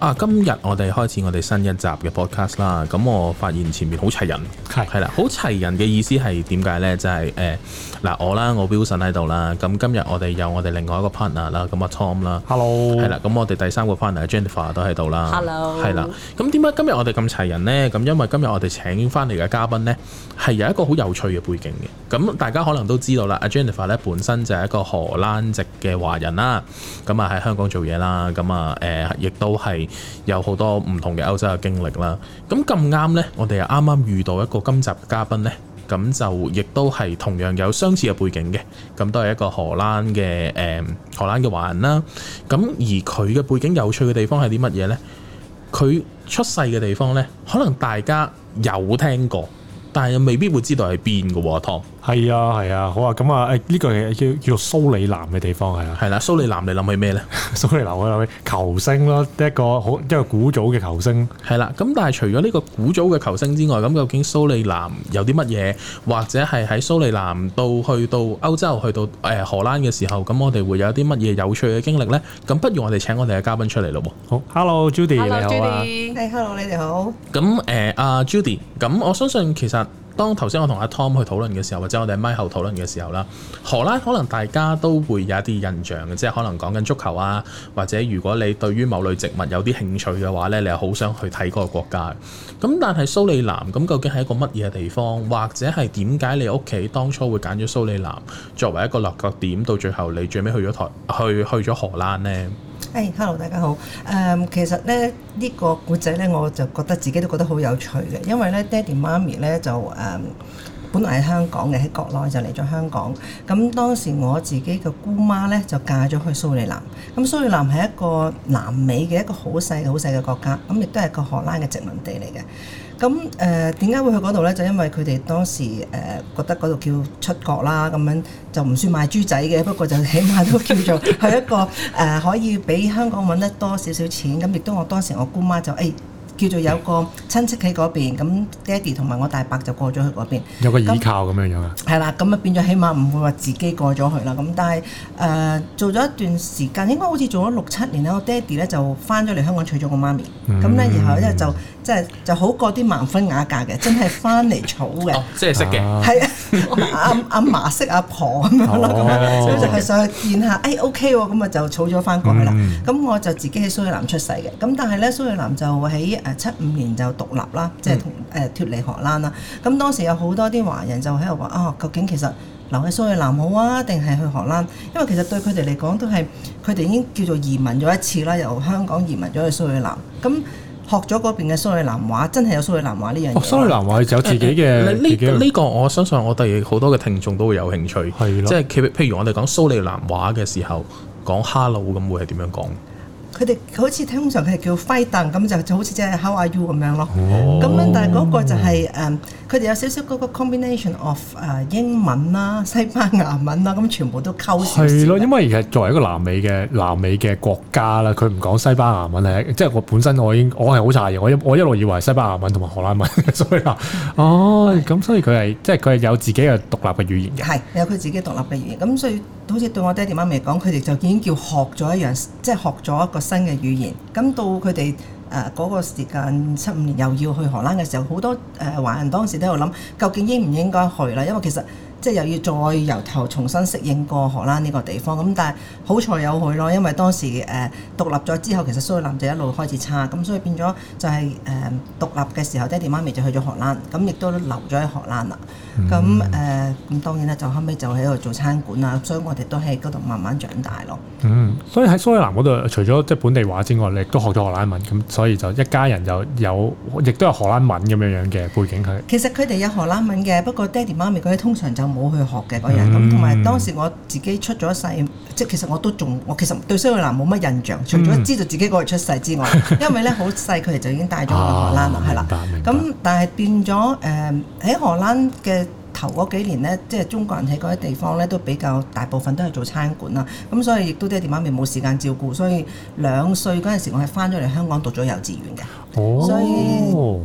啊！今日我哋開始我哋新一集嘅 podcast 啦。咁我發現前面好齊人，係係啦，好齊人嘅意思係點解呢？就係誒嗱，我啦，我 Wilson 喺度啦。咁今日我哋有我哋另外一個 partner 啦，咁阿 Tom 啦，Hello，係啦、啊。咁我哋第三個 partner Jennifer 都喺度啦，Hello，係啦。咁點解今日我哋咁齊人呢？咁、啊啊啊 so 啊、因為今日我哋請翻嚟嘅嘉賓呢，係有一個好有趣嘅背景嘅。咁、啊、大家可能都知道啦，阿 Jennifer 咧本身就係一個荷蘭籍嘅華人啦。咁啊喺香港做嘢啦。咁啊誒，亦都係。有好多唔同嘅歐洲嘅經歷啦，咁咁啱呢，我哋又啱啱遇到一個今集嘅嘉賓呢。咁就亦都係同樣有相似嘅背景嘅，咁都係一個荷蘭嘅誒、嗯、荷蘭嘅華人啦，咁而佢嘅背景有趣嘅地方係啲乜嘢呢？佢出世嘅地方呢，可能大家有聽過，但係又未必會知道係邊個喎，Tom。係啊，係啊，好啊，咁啊，誒，呢個係叫叫做蘇里南嘅地方係啊。係啦，蘇里南你諗起咩咧？蘇里南我諗起球星咯，一個好一個古早嘅球星。係啦，咁但係除咗呢個古早嘅球星之外，咁究竟蘇里南有啲乜嘢，或者係喺蘇里南到去到歐洲，去到誒荷蘭嘅時候，咁我哋會有一啲乜嘢有趣嘅經歷咧？咁不如我哋請我哋嘅嘉賓出嚟咯。好，Hello Judy，你好。誒，Hello 你哋好。咁誒，阿 Judy，咁我相信其實。當頭先我同阿 Tom 去討論嘅時候，或者我哋咪麥後討論嘅時候啦，荷蘭可能大家都會有一啲印象嘅，即係可能講緊足球啊，或者如果你對於某類植物有啲興趣嘅話呢，你係好想去睇嗰個國家嘅。咁但係蘇利南，咁究竟係一個乜嘢地方，或者係點解你屋企當初會揀咗蘇利南作為一個落腳點，到最後你最尾去咗台去去咗荷蘭呢？hello 大家好。誒、um，其實咧，這個、呢個古仔咧，我就覺得自己都覺得好有趣嘅，因為咧，爹哋媽咪咧就誒，um, 本來喺香港嘅，喺國內就嚟咗香港。咁當時我自己嘅姑媽咧就嫁咗去蘇里南。咁蘇里南係一個南美嘅一個好細好細嘅國家，咁亦都係個荷蘭嘅殖民地嚟嘅。咁誒點解會去嗰度咧？就因為佢哋當時誒、呃、覺得嗰度叫出國啦，咁樣就唔算賣豬仔嘅，不過就起碼都叫做係一個誒、 呃、可以比香港揾得多少少錢。咁亦都我當時我姑媽就誒。哎叫做有個親戚喺嗰邊，咁爹哋同埋我大伯就過咗去嗰邊，有個依靠咁樣樣啊。係那、嗯、啦，咁啊變咗起碼唔會話自己過咗去啦。咁但係誒、呃、做咗一段時間，應該好似做咗六七年啦。我爹哋咧就翻咗嚟香港娶咗我媽咪。咁咧、嗯、然後咧就即係就，就，就好過啲盲婚啞嫁嘅，真係翻嚟娶嘅。即係識嘅。係、啊 啊、阿阿嫲識阿婆咁、哦、樣咯，咁啊所以就係想去見下，哎 OK 喎、哦，咁、嗯、啊就娶咗翻去啦。咁我就自己喺蘇屋南出世嘅，咁但係咧蘇屋南就喺。七五年就獨立啦，即係同脫、嗯、離荷蘭啦。咁當時有好多啲華人就喺度話：哦、啊，究竟其實留喺蘇里南好啊，定係去荷蘭？因為其實對佢哋嚟講，都係佢哋已經叫做移民咗一次啦，由香港移民咗去蘇里南。咁學咗嗰邊嘅蘇里南話，真係有蘇里南話呢樣、啊。嘢、哦？蘇里南話就有自己嘅、呃。呢、呃、呢、呃呃這個、呃、我相信我哋好多嘅聽眾都會有興趣，即係的譬如我哋講蘇里南話嘅時候，講 hello 咁會係點樣講？佢哋好似通常佢哋叫揮凳咁就就好似即係 How are you 咁樣咯。咁樣、哦、但係嗰個就係、是、誒，佢哋有少少嗰個 combination of 誒英文啦、西班牙文啦，咁全部都溝。係咯，因為其實作為一個南美嘅南美嘅國家啦，佢唔講西班牙文係，即、就、係、是、我本身我已經我係好差嘅，我一我一路以為西班牙文同埋荷蘭文。所以話哦，咁、啊、所以佢係即係佢係有自己嘅獨立嘅語言嘅。係有佢自己獨立嘅語言，咁所以。好似對我爹地媽咪嚟講，佢哋就已經叫學咗一樣，即係學咗一個新嘅語言。咁到佢哋誒嗰個時間七五年又要去荷蘭嘅時候，好多誒、呃、華人當時都喺度諗，究竟應唔應該去啦？因為其實即係又要再由頭重新適應過荷蘭呢個地方，咁但係好彩有佢咯，因為當時誒、呃、獨立咗之後，其實蘇里南就一路開始差，咁所以變咗就係、是、誒、呃、獨立嘅時候，爹哋媽咪就去咗荷蘭，咁亦都留咗喺荷蘭啦。咁誒咁當然啦，就後尾就喺度做餐館啦，所以我哋都喺嗰度慢慢長大咯。嗯，所以喺蘇里南嗰度，除咗即係本地話之外，你都學咗荷蘭文，咁所以就一家人就有亦都有荷蘭文咁樣樣嘅背景，佢其實佢哋有荷蘭文嘅，不過爹哋媽咪佢哋通常就～冇去學嘅嗰日咁，同埋、嗯、當時我自己出咗世，即係其實我都仲我其實對蘇格蘭冇乜印象，除咗知道自己嗰日出世之外，嗯、因為咧好細佢哋就已經帶咗去荷蘭啦，係啦、啊。咁了白但係變咗誒喺荷蘭嘅頭嗰幾年咧，即係中國人喺嗰啲地方咧都比較大部分都係做餐館啦，咁所以亦都爹哋媽咪冇時間照顧，所以兩歲嗰陣時我係翻咗嚟香港讀咗幼稚園嘅。哦。所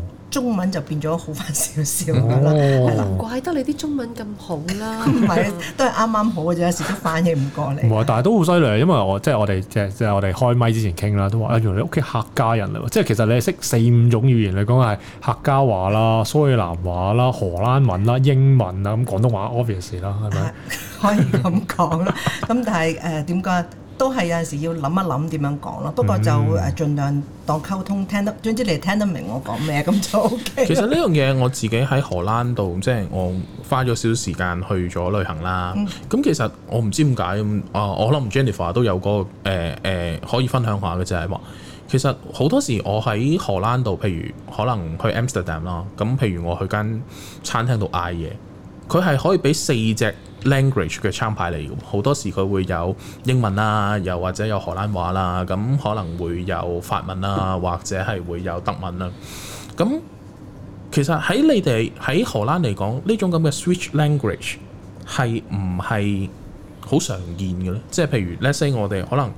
以。中文就變咗好翻少少咁啦，係啦、哦，的怪得你啲中文咁好啦、啊。唔係，都係啱啱好嘅啫，有時都反應唔過嚟。唔係， 但係都好犀利，因為我即係我哋即係即係我哋開麥之前傾啦，都話誒原來你屋企客家人嚟喎，即係其實你係識四五種語言嚟講係客家話啦、蘇語南話啦、荷蘭文啦、英文啦、咁、嗯、廣東話 obvious 啦，係咪、 啊？可以咁講啦，咁 但係誒點解？呃都係有陣時要諗一諗點樣講咯，嗯、不過就誒盡量當溝通，聽得總之你聽得明我講咩咁就 OK。其實呢樣嘢我自己喺荷蘭度，即、就、係、是、我花咗少少時間去咗旅行啦。咁、嗯、其實我唔知點解，啊我諗 Jennifer 都有嗰個誒、呃呃、可以分享下嘅就啫、係話。其實好多時我喺荷蘭度，譬如可能去 Amsterdam 啦，咁譬如我去間餐廳度嗌嘢，佢係可以俾四隻 language 嘅餐牌嚟嘅，好多時佢會有英文啊，又或者有荷蘭話啦，啊，咁可能會有法文啊，或者係會有德文啊。咁其實喺你哋喺荷蘭嚟講，呢種咁嘅 switch language 係唔係好常見嘅咧？即係譬如，let's say 我哋可能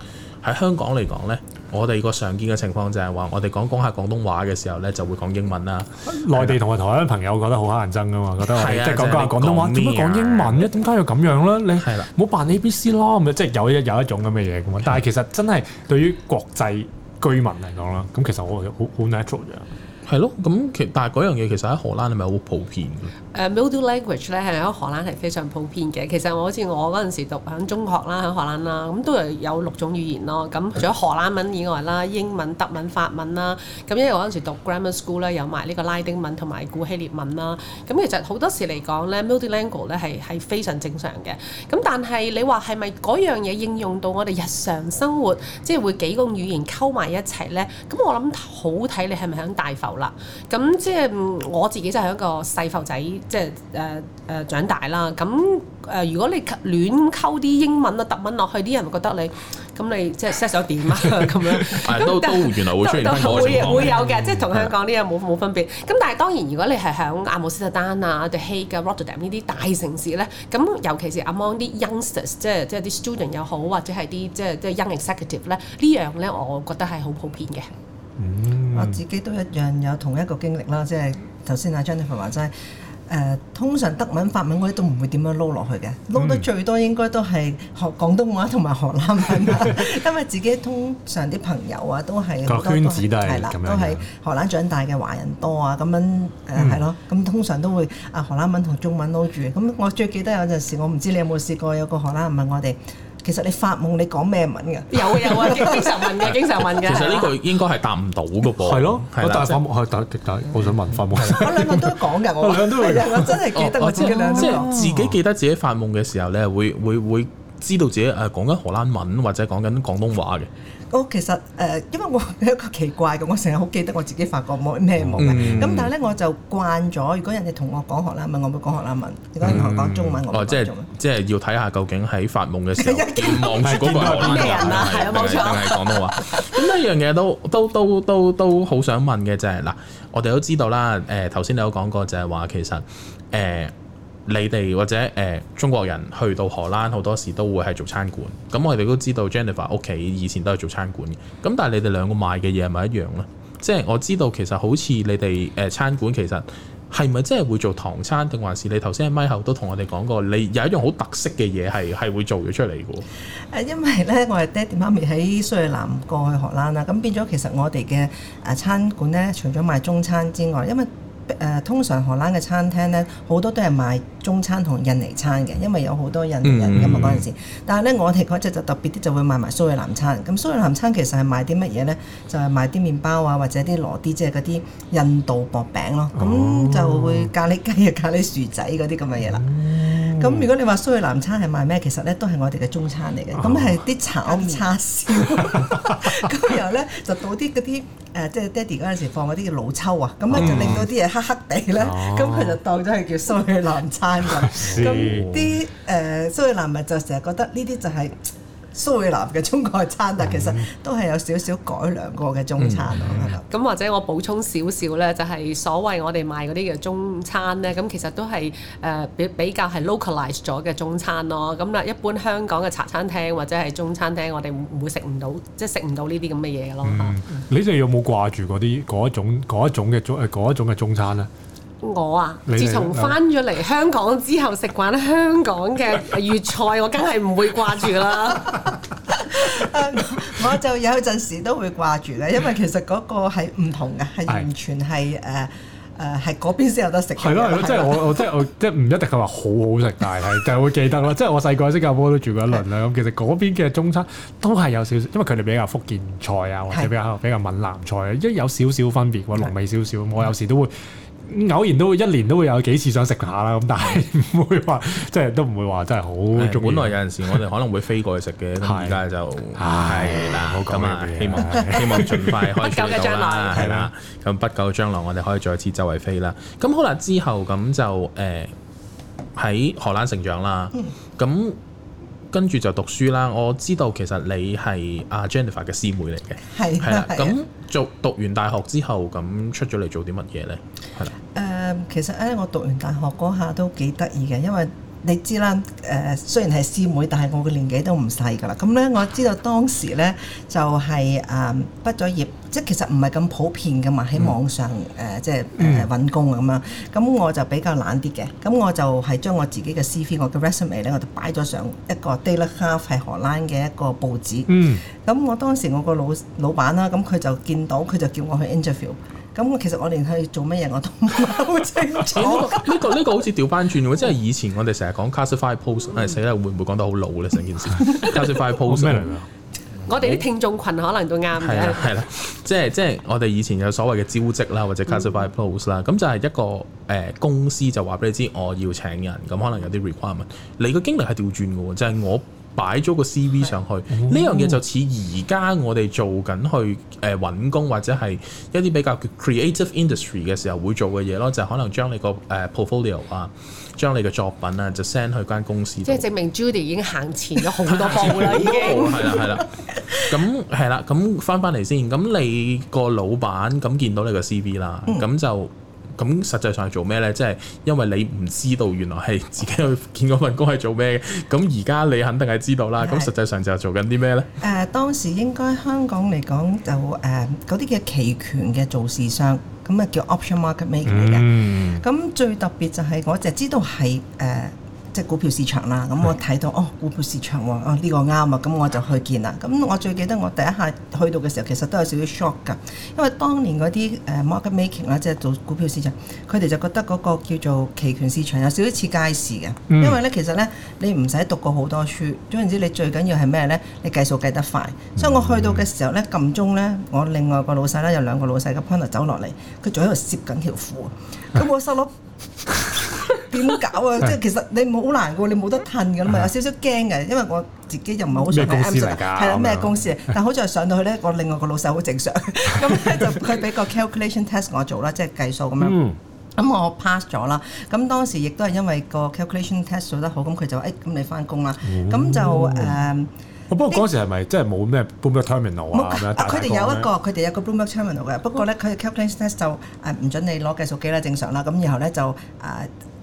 喺香港嚟講咧。我哋個常見嘅情況就係話，我哋講講下廣東話嘅時候咧，就會講英文啦。內地同埋台灣朋友覺得好乞人憎噶嘛，的覺得係即係講講廣東話，點解講英文咧？點解要咁樣咧？你唔好扮的 A B C 咯咁，即係有一有一種咁嘅嘢咁啊。的但係其實真係對於國際居民嚟講啦，咁其實我好好 natural 啫。係咯，咁其但係嗰樣嘢其實喺荷蘭係咪好普遍嘅？誒、uh, multi language 咧係喺荷蘭係非常普遍嘅。其實我好似我嗰陣時讀響中學啦，喺荷蘭啦，咁都係有六種語言咯。咁除咗荷蘭文以外啦，英文、德文、法文啦，咁因為我嗰陣時讀 grammar school 啦，有埋呢個拉丁文同埋古希臘文啦。咁其實好多時嚟講咧 multi language 咧係係非常正常嘅。咁但係你話係咪嗰樣嘢應用到我哋日常生活，即係會幾個語言溝埋一齊咧？咁我諗好睇你係咪喺大埠啦。咁即係我自己就喺一個細埠仔。即係誒誒長大啦，咁誒如果你亂溝啲英文啊、特文落去，啲人會覺得你咁你即係 set 咗點啊咁樣。都原來會出現喺會有嘅，即係同香港呢樣冇冇分別。咁但係當然，如果你係喺阿姆斯特丹啊、The Hague 啊、Rotterdam 呢啲大城市咧，咁尤其是 among 啲 youths，即係即係啲 student 又好，或者係啲即係即係 young executive 咧，呢樣咧我覺得係好普遍嘅。我自己都一樣有同一個經歷啦，即係頭先阿 Jennifer 話齋。誒、呃，通常德文、法文嗰啲都唔會點樣撈落去嘅，撈、嗯、得最多應該都係學廣東話同埋荷蘭文， 因為自己通常啲朋友啊都係個圈子都係了荷蘭長大嘅華人多、嗯、啊，咁樣誒係咯，咁通常都會啊荷蘭文同中文撈住，咁我最記得有陣時，我唔知你有冇試過有個荷蘭人問我哋。其實你發夢你講咩文㗎？有啊有啊，經常問嘅，經常問嘅。其實呢句應該係答唔到㗎噃。係咯，我但係發夢係但係，但係我想問發夢。我兩個都講㗎，我兩個都會，我真係記得我自己兩個。即係自己記得自己發夢嘅時候咧，會會會，知道自己誒講緊荷蘭文或者講緊廣東話嘅，我、哦、其實誒、呃，因為我係一個奇怪嘅，我成日好記得我自己發過咩夢嘅，咁、嗯、但係咧我就慣咗，如果人哋同我講荷蘭文，我會講荷蘭文；嗯、如果人哋講中文，我會哦即係即係要睇下究竟喺發夢嘅時候，夢嗰 到個係邊個人啊？係啊是，冇錯，定係廣東話。咁呢一樣嘢都都都都都好想問嘅就係嗱，我哋都知道啦，誒頭先你有講過就係話其實誒。你哋或者誒、呃、中國人去到荷蘭，好多時都會係做餐館。咁我哋都知道 Jennifer 屋企以前都係做餐館嘅。咁但係你哋兩個賣嘅嘢係咪一樣咧？即係我知道其實好似你哋誒、呃、餐館其實係咪真係會做唐餐，定還是你頭先喺咪後都同我哋講過，你有一樣好特色嘅嘢係係會做咗出嚟嘅喎。因為呢，我係爹哋媽咪喺蘇伊南過去荷蘭啦，咁變咗其實我哋嘅誒餐館呢，除咗賣中餐之外，因為誒、呃、通常荷蘭嘅餐廳咧，好多都係賣中餐同印尼餐嘅，因為有好多印尼人嘅嘛嗰陣時。嗯、但係咧，我哋嗰隻就特別啲，就會賣埋蘇里南餐。咁蘇里南餐其實係賣啲乜嘢咧？就係賣啲麵包啊，或者啲攞啲即係嗰啲印度薄餅咯。咁就會咖喱雞啊、咖喱薯仔嗰啲咁嘅嘢啦。咁、嗯、如果你話蘇里南餐係賣咩？其實咧都係我哋嘅中餐嚟嘅。咁係啲炒叉燒。咁然後咧就倒啲嗰啲誒，即係爹哋嗰陣時放嗰啲叫老抽啊。咁咧就令到啲人。黑黑地咧，咁佢、哦、就當咗係叫蘇里南餐咁。咁啲誒，蘇、呃、里南咪就成日覺得呢啲就係、是。蘇芮南嘅中國餐，但、嗯、其實都係有少少改良過嘅中餐咯。咁、嗯、吧或者我補充少少咧，就係、是、所謂我哋賣嗰啲嘅中餐咧，咁其實都係誒比比較係 localize 咗嘅中餐咯。咁啦，一般香港嘅茶餐廳或者係中餐廳，我哋唔會食唔到，即係食唔到呢啲咁嘅嘢咯。嗯嗯、你哋有冇掛住嗰啲嗰一種一種嘅中誒一種嘅中，中餐咧？我啊，自從翻咗嚟香港之後，食慣香港嘅粵菜，我梗係唔會掛住啦。我就有陣時都會掛住咧，因為其實嗰個係唔同嘅，係完全係誒誒，係嗰邊先有得食。係咯係咯，即係我即係我即係唔一定係話好好食，但係就會記得咯。即係我細個喺新加坡都住過一輪啦。咁其實嗰邊嘅中餐都係有少少，因為佢哋比較福建菜啊，或者比較比較閩南菜，一有少少分別，濃味少少。我有時都會。偶然都會一年都會有幾次想食下啦，咁但係唔會話即係都唔會話真係好。本來有陣時我哋可能會飛過去食嘅，而家就係啦。咁啊，希望希望盡快開始。不久嘅將來係啦，咁不久嘅將來我哋可以再次周圍飛啦。咁好啦，之後咁就誒喺荷蘭成長啦。咁。跟住就讀書啦。我知道其實你係阿 Jennifer 嘅師妹嚟嘅，係啦。咁做讀完大學之後，咁出咗嚟做啲乜嘢咧？係啦。誒、呃，其實咧，我讀完大學嗰下都幾得意嘅，因為你知啦，誒、呃、雖然係師妹，但係我嘅年紀都唔細㗎啦。咁、嗯、咧，我知道當時咧就係、是、誒、呃、畢咗業，即係其實唔係咁普遍嘅嘛。喺網上誒、呃、即係誒揾工咁樣。咁、嗯嗯、我就比較懶啲嘅，咁我就係將我自己嘅 CV、我嘅 resume 咧，我就擺咗上一個 Daily half 係荷蘭嘅一個報紙。嗯。咁我當時我個老老闆啦，咁佢就見到，佢就叫我去 interview。咁其實我連去做乜嘢我都唔係好清楚。呢、 呢個呢、呢個好似調翻轉喎，即係以前我哋成日講 classify post 係死啦，會唔會講得好老咧成件事 ？classify ified post 咩嚟㗎？我哋啲聽眾群可能都啱嘅。係啦我，即係即係我哋以前有所謂嘅招職啦，或者 classify post 啦、嗯，咁就係一個誒、呃、公司就話俾你知我要請人，咁可能有啲 requirement。你個經歷係調轉嘅喎，就係、是、我。擺咗個 CV 上去，呢、哦、樣嘢就似而家我哋做緊去誒揾、呃、工或者係一啲比較 creative industry 嘅時候會做嘅嘢咯，就是、可能將你個誒 portfolio 啊，將你嘅作品啊，就 send 去間公司。即係證明 Judy 已經行前咗好多步啦， 已經。係啦係啦，咁係啦，咁翻翻嚟先，咁你個老闆咁見到你個 CV 啦，咁就。嗯咁實際上係做咩呢？即係因為你唔知道原來係自己去見嗰份工係做咩嘅。咁而家你肯定係知道啦。咁 實際上就係做緊啲咩呢？誒、呃，當時應該香港嚟講就誒嗰啲叫期權嘅做市商，咁啊叫 option market maker 嚟嘅、嗯。咁最特別就係我就知道係誒。呃即係股票市場啦，咁我睇到是哦，股票市場喎，啊、哦、呢、這個啱啊，咁我就去見啦。咁我最記得我第一下去到嘅時候，其實都有少少 shock 㗎，因為當年嗰啲誒 market making 啦，即係做股票市場，佢哋就覺得嗰個叫做期權市場有少少似街市嘅，嗯、因為咧其實咧你唔使讀過好多書，總然之你最緊要係咩咧？你計數計得快。嗯、所以我去到嘅時候咧，撳鐘咧，我另外個老細咧有兩個老細嘅 partner 走落嚟，佢仲喺度攝緊條褲，咁我失佬。 點搞啊！即係其實你冇好難過，你冇得褪嘅嘛，有少少驚嘅，因為我自己又唔係好想做 M 四咩公司啊？但好似係上到去咧，我另外個老細好正常，咁咧就佢俾個 calculation test 我做啦，即係計數咁樣。咁我 pass 咗啦，咁當時亦都係因為個 calculation test 做得好，咁佢就誒，咁你翻工啦。咁就誒。不過嗰時係咪真係冇咩 Bloomberg terminal 啊？佢哋有一個，佢哋有個 Bloomberg terminal 嘅，不過咧佢 calculation test 就誒唔准你攞計數機啦，正常啦。咁然後咧就誒。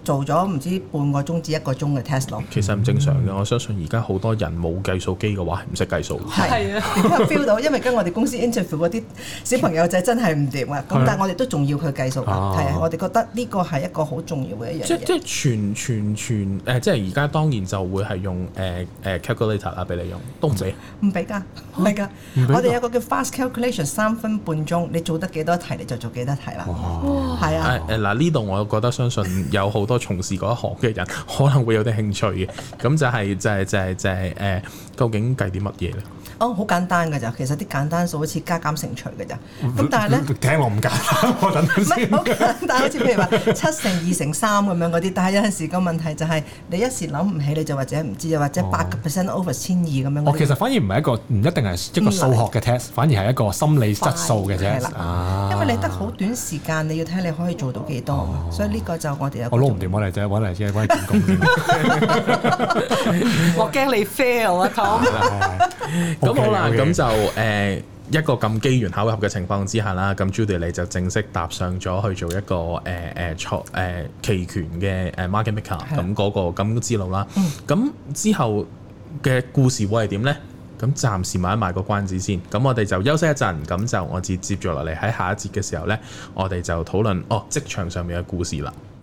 做咗唔知半個鐘至一個鐘嘅 test 咯，其實唔正常嘅。我相信而家好多人冇計數機嘅話，唔識計數。係啊，feel 到，因為跟我哋公司 interview 嗰啲小朋友仔真係唔掂啊。咁但係我哋都仲要佢計數㗎，係啊，我哋覺得呢個係一個好重要嘅一樣。即即全全全誒，即係而家當然就會係用誒誒 calculator 啊，俾你用都唔俾，唔俾㗎，唔係㗎，我哋有個叫 fast calculation 三分半鐘，你做得幾多題，你就做幾多題啦。哇，係啊。嗱呢度，我覺得相信有好多。我從事嗰一行嘅人可能會有啲興趣嘅，咁就係就係就係就係誒，究竟計啲乜嘢咧？哦，好簡單㗎咋，其實啲簡單數好似加減乘除㗎咋。咁但係咧，聽我唔簡單。唔係好簡單，但係好似譬如話七乘二乘三咁樣嗰啲。但係有陣時個問題就係你一時諗唔起，你就或者唔知，又或者八個 percent over 千二咁樣。我其實反而唔係一個唔一定係一個數學嘅 test，反而係一個心理質素嘅啫。因為你得好短時間，你要睇你可以做到幾多，所以呢個就我哋有。我嚟就係揾嚟先，揾嚟揾我驚你 fail 啊 t 咁好啦，咁就誒一個咁機緣巧合嘅情況之下啦，咁 Judy 你就正式踏上咗去做一個誒誒錯誒期權嘅誒 market maker 咁嗰、 那個咁之路啦。咁之後嘅故事會係點咧？咁暫時賣一賣個關子先。咁我哋就休息一陣，咁就我接接咗落嚟喺下一節嘅時候咧，我哋就討論哦職場上面嘅故事啦。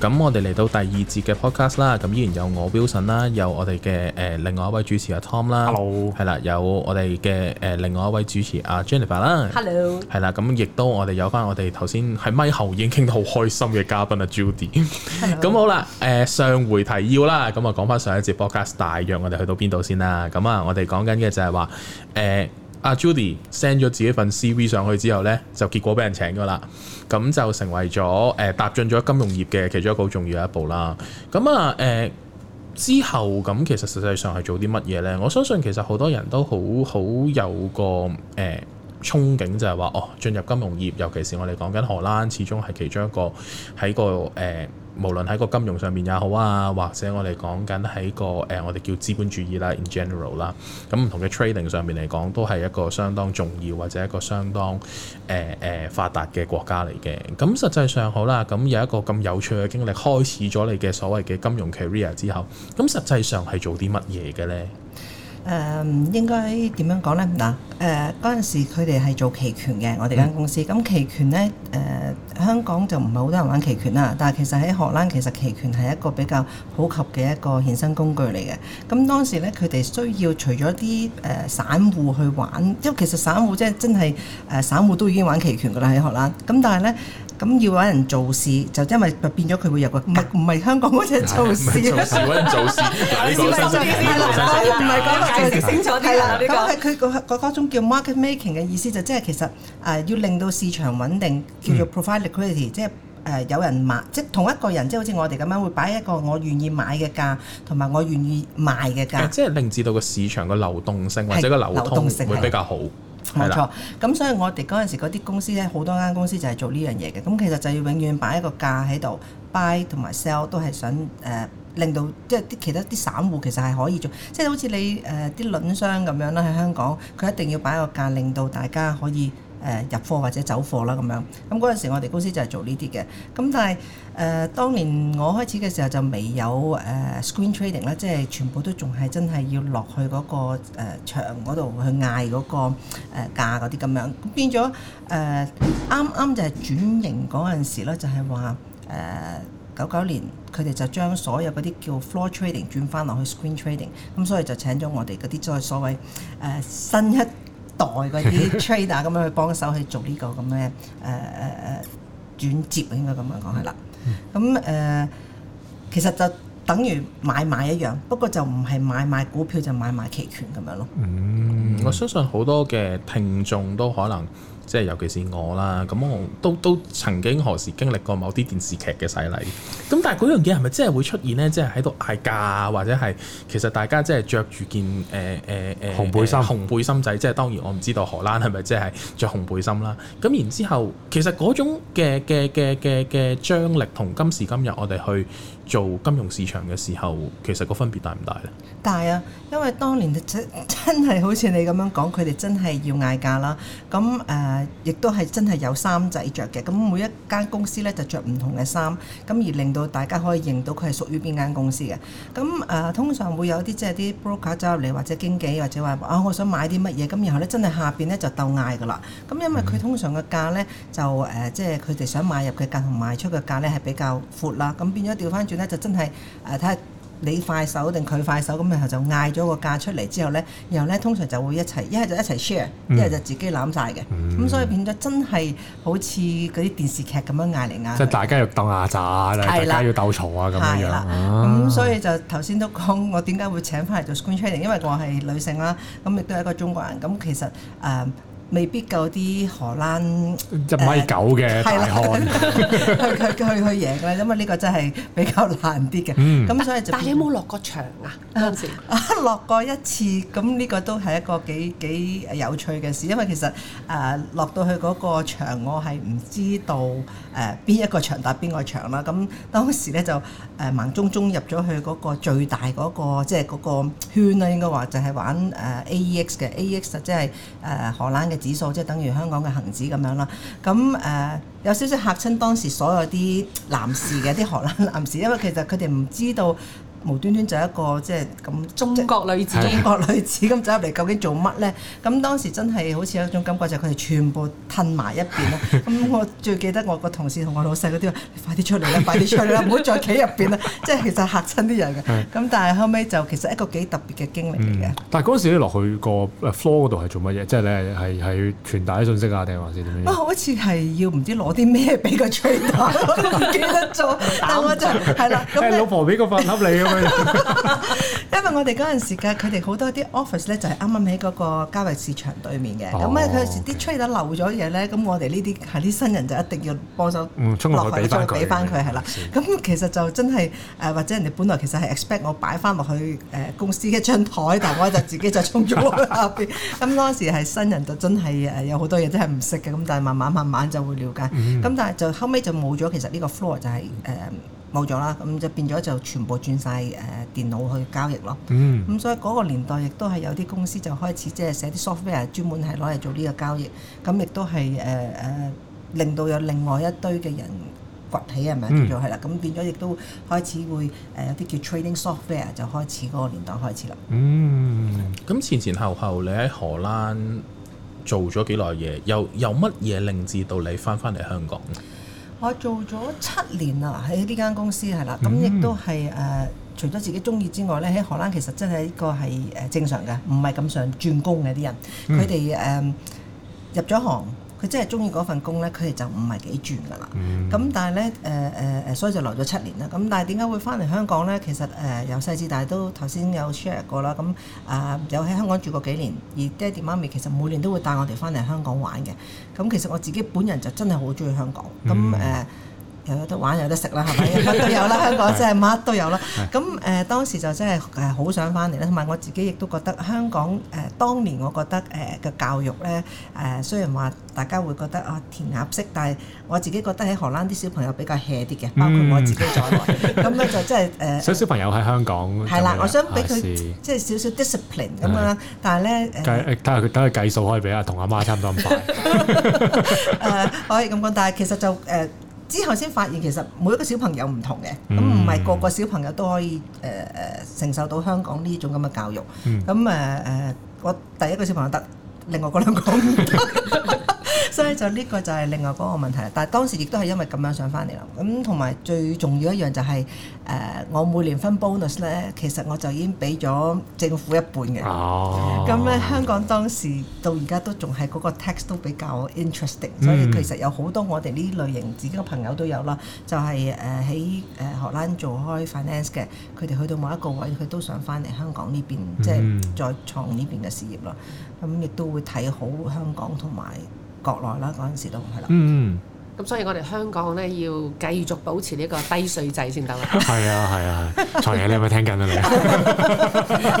咁我哋嚟到第二節嘅 podcast 啦，咁依然有我 Wilson 啦，有我哋嘅誒另外一位主持阿、啊、Tom 啦，Hello，係啦，有我哋嘅誒另外一位主持阿、啊、Jennifer 啦，Hello，係啦，咁亦都我哋有翻我哋頭先喺咪後已經傾得好開心嘅嘉賓阿 Judy，咁好啦，誒、呃、上回提要啦，咁啊講翻上一節 podcast 大約我哋去到邊度先啦，咁、嗯、啊我哋講緊嘅就係話誒。呃阿、啊、Judy send 咗自己份 CV 上去之後呢，就結果俾人請咗啦。咁就成為咗誒、呃、踏進咗金融業嘅其中一個重要一步啦。咁啊誒、呃、之後咁，其實實際上係做啲乜嘢呢？我相信其實好多人都好好有個誒、呃、憧憬就，就係話哦，進入金融業，尤其是我哋講緊荷蘭，始終係其中一個喺個誒。呃無論喺個金融上面也好啊，或者我哋講緊喺個誒、呃、我哋叫資本主義啦，in general 啦，咁唔同嘅 trading 上面嚟講，都係一個相當重要或者一個相當誒誒、呃呃、發達嘅國家嚟嘅。咁實際上好啦，咁有一個咁有趣嘅經歷，開始咗你嘅所謂嘅金融 career 之後，咁實際上係做啲乜嘢嘅呢？誒、嗯、應該點樣講咧？嗱、啊，誒嗰陣時佢哋係做期權嘅，我哋間公司。咁、嗯、期權咧，誒、呃、香港就唔係好多人玩期權啦。但係其實喺荷蘭，其實期權係一個比較普及嘅一個衍生工具嚟嘅。咁當時咧，佢哋需要除咗啲誒散戶去玩，因為其實散戶即係真係誒、呃、散戶都已經玩期權㗎喇喺荷蘭。咁但係咧。咁要揾人做事，就因為變咗佢會入個，唔係香港嗰隻做事，唔係做市，揾人做市。你講清楚啲啦，唔係講得清楚啲啦。係啦，佢嗰種叫 market making 嘅意思，就即係其實誒要令到市場穩定，叫做 provide liquidity，即係誒有人買，即係同一個人，即係好似我哋咁樣會擺一個我願意買嘅價，同埋我願意賣嘅價。即係令至到個市場嘅流動性或者個流動性會比較好。冇錯，咁、嗯嗯、所以我哋嗰陣時嗰啲公司咧，好多間公司就係做呢樣嘢嘅。咁、嗯、其實就要永遠擺一個價喺度，buy 同埋 sell 都係想誒、呃、令到即係啲其他啲散戶其實係可以做，即係好似你誒啲輪商咁樣啦，喺、呃、香港佢一定要擺一個價，令到大家可以。誒入貨或者走貨啦咁樣，咁嗰陣時我哋公司就係做呢啲嘅，咁但係誒、呃、當年我開始嘅時候就未有誒、呃、screen trading 啦，即係全部都仲係真係要落去嗰、個誒場嗰度去嗌嗰、個誒價嗰啲咁樣，咁變咗誒啱啱就係轉型嗰陣時咧，就係話誒九九年佢哋就將所有嗰啲叫 floor trading 轉翻落去 screen trading，咁所以就請咗我哋嗰啲再所謂誒、呃、新一代嗰啲 trader 咁樣去幫手去做呢、呢個咁嘅誒誒誒轉接應該咁樣講，係啦，咁誒、呃、其實就等於買賣一樣，不過就唔係買賣股票就買賣期權咁樣咯。嗯，我相信好多嘅聽眾都可能。即係尤其是我啦，咁我都都曾經何時經歷過某啲電視劇嘅洗禮。咁但係嗰樣嘢係咪真係會出現呢？即係喺度嗌價，或者係其實大家即係着住件誒誒誒紅背心、紅背心仔。即係當然我唔知道荷蘭係咪即係着紅背心啦。咁然之後，其實嗰種嘅嘅嘅嘅嘅張力同今時今日我哋去做金融市場嘅時候，其實個分別大唔大呢？大啊，因為當年真真係好似你咁樣講，佢哋真係要嗌價啦。咁誒。呃亦都係真係有衫仔着嘅，咁每一間公司咧就着唔同嘅衫，咁而令到大家可以認到佢係屬於邊間公司嘅。咁誒、呃、通常會有啲即係啲 broker 走入嚟，或者經紀，或者話啊，我想買啲乜嘢，咁然後咧真係下邊咧就鬥嗌㗎喇。咁因為佢通常嘅價咧就誒、呃，即係佢哋想買入嘅價同賣出嘅價咧係比較闊啦，咁變咗調返轉咧就真係誒睇下。呃看看你快手定佢快手咁，然後就嗌咗個價出嚟之後呢，然後呢，通常就會一齊，一係就一齊 share，一係就自己攬晒嘅。咁、嗯嗯、所以變咗真係好似嗰啲電視劇咁樣嗌嚟嗌去。即係大、嗯、大家要鬥牙齙大家要鬥嘈啊咁樣樣。咁了、啊嗯、所以就頭先都講我點解會請翻嚟做 screen training，因為我係女性啦，咁亦都係一個中國人，咁、嗯、其實誒。嗯未必夠啲荷蘭一、啊、米九嘅大漢 去去去去，去贏咧，因為呢個真係比較難啲嘅。嗯，咁所以就但係有冇落過場啊？當時啊，落過一次，咁呢個都係一個幾幾有趣嘅事，因為其實誒落、呃、到去嗰個場，我係唔知道誒邊一個場打邊個場啦。咁、啊、當時咧就誒盲中中入咗去嗰個最大嗰、那個即係嗰個圈啦，應該話就係玩誒 AEX 嘅 AEX，即、就、係、是、誒、呃呃、荷蘭嘅。指數即係等於香港嘅恒指咁樣啦，咁誒、呃、有少少嚇親當時所有啲男士嘅啲 荷蘭男士，因為其實佢哋唔知道。無端端就係一個即係咁中國女子，中國女子咁走入嚟，究竟做乜咧？咁當時真係好似有一種感覺，就係佢哋全部褪埋一邊啦。咁我最記得我個同事同我老細嗰啲話：你快啲出嚟啦，快啲出嚟啦，唔好再企入邊啦！即係其實嚇親啲人嘅。咁但係後尾就其實一個幾特別嘅經歷嚟嘅。但係嗰時你落去個 floor 嗰度係做乜嘢？即係你係係係傳達啲信息啊，定係還是點樣？好似係要唔知攞啲咩俾個 Chief 我唔記得咗，但我就係啦。老婆俾個飯盒你 因為我哋嗰陣時嘅佢哋好多啲 office 咧就係啱啱喺嗰個交易市場對面嘅，咁咧佢有時啲 trade 漏咗嘢咧，咁我哋呢啲係啲新人就一定要幫手，嗯，落去再俾翻佢，係啦。咁其實就真係誒，或者人哋本來其實係 expect 我擺翻落去誒公司嘅張台， 但我就自己就衝咗落下邊。咁 當時係新人就真係誒有好多嘢真係唔識嘅，咁但係慢慢慢慢就會了解。咁、嗯、但係就後尾就冇咗，其實呢個 floor 就係、是、誒。嗯嗯。冇咗啦，咁就變咗就全部轉曬誒電腦去交易咯。嗯，咁所以嗰個年代亦都係有啲公司就開始即係寫啲 software 專門係攞嚟做呢個交易，咁亦都係誒誒令到有另外一堆嘅人崛起係咪？嗯，叫做係啦，咁變咗亦都開始會誒有啲叫 trading software 就開始嗰個年代開始啦。嗯，咁前前後後你喺荷蘭做咗幾耐嘢？又有乜嘢令至到你翻翻嚟香港？我做咗七年啦，喺呢間公司係啦，咁亦都係誒、呃，除咗自己中意之外咧，喺荷蘭其實真係一個係誒正常嘅，唔係咁想轉工嘅啲人，佢哋誒入咗行。佢真係中意嗰份工咧，佢哋就唔係幾轉噶啦。咁、嗯、但係咧，誒誒誒，所以就留咗七年啦。咁但係點解會翻嚟香港咧？其實誒、呃、有細至大由細至大都頭先有 share 過啦。咁、嗯、啊、呃，有喺香港住過幾年，而爹哋媽咪其實每年都會帶我哋翻嚟香港玩嘅。咁其實我自己本人就真係好中意香港。咁誒、嗯。嗯呃又有得玩有得食啦，係咪？乜都有啦，香港真係乜都有啦。咁誒的、呃、當時就真係誒好想翻嚟啦，同埋我自己亦都覺得香港誒、呃、當年我覺得誒個、呃、教育咧誒、呃、雖然話大家會覺得啊、呃、填鴨式，但係我自己覺得喺荷蘭啲小朋友比較 hea 啲嘅，包括我自己在內。咁咧、嗯、就真係誒。想、呃、小，小朋友喺香港。係啦的，我想俾佢、啊、即係少少 discipline 咁樣。的但係咧誒。計，等佢計數可以比啊同阿媽差唔多咁快。誒、 呃、可以咁講，但係其實就誒。呃之後先發現，其實每一個小朋友唔同嘅，咁唔係個個小朋友都可以誒誒、呃、承受到香港呢種咁嘅教育。咁誒誒，我第一個小朋友得，另外嗰兩個。 所以就呢個就係另外嗰個問題啦，但係當時亦都係因為咁樣想翻嚟啦。咁同埋最重要一樣就係、是、誒、呃，我每年分 bonus 咧，其實我就已經俾咗政府一半嘅。哦、嗯，咁、嗯、咧香港當時到而家都仲係嗰個 tax 都比較 interesting，所以其實有好多我哋呢類型自己嘅朋友都有啦，就係誒喺誒荷蘭做開 finance 嘅，佢哋去到某一個位，佢都想翻嚟香港呢邊，即係再創呢邊嘅事業啦。咁、嗯、亦、嗯嗯嗯嗯、都會睇好香港同埋。國內啦，嗰陣時都唔係啦。嗯，咁所以我哋香港咧要繼續保持呢個低稅制先得啦。係 嗯、對啊，係 啊，財爺，你係咪聽緊啊？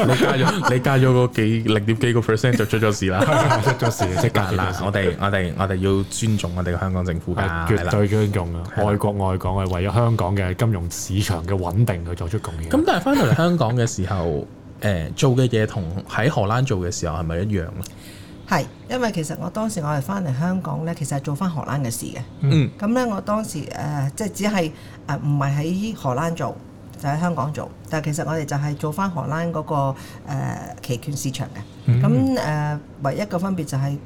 你加咗你加咗個幾零點幾個 percent 就出咗事啦，出咗事，識㗎嗱！我哋我哋我哋要尊重我哋個香港政府㗎，絕、啊、對尊重啊！愛、啊、國愛港係為咗香港嘅金融市場嘅穩定去作出貢獻。咁 但係翻到嚟香港嘅時候，誒、 呃、做嘅嘢同喺荷蘭做嘅時候係咪一樣咧？係，因為其實我當時我係翻嚟香港咧，其實係做翻荷蘭嘅事嘅。嗯。咁咧，我當時誒、呃、即係只係誒唔係喺荷蘭做，就喺香港做。但係其實我哋就係做翻荷蘭嗰、那個、呃、期權市場嘅。咁誒、嗯呃，唯一個分別就係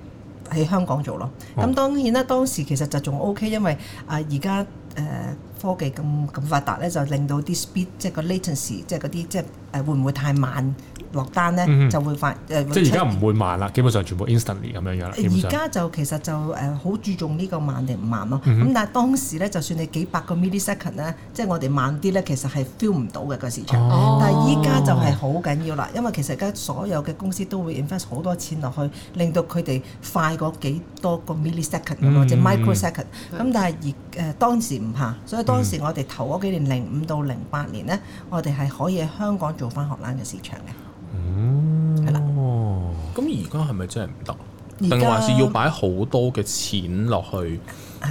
喺香港做咯。咁、哦、當然啦，當時其實就仲 OK，因為啊而家誒科技咁咁發達咧，就令到啲 speed 即係個 latency 即係嗰啲即係誒會唔會太慢？落單咧就會快誒，即係而家唔會慢啦，基本上全部 instantly 咁樣樣啦。而家就其實就誒好注重呢個慢定唔慢咯。咁但係當時咧，就算你幾百個 millisecond 咧，即係我哋慢啲咧，其實係 feel 唔到嘅個市場。但係依家就係好緊要啦，因為其實而家所有嘅公司都會 invest 好多錢落去，令到佢哋快過幾多個 millisecond 或即 microsecond。咁但係而誒當時唔怕，所以當時我哋頭嗰幾年零五到零八年咧，我哋係可以喺香港做翻荷蘭嘅市場嘅。嗯，係啦、mm，咁而家係咪真係唔得？定在還是要擺好多嘅錢落去，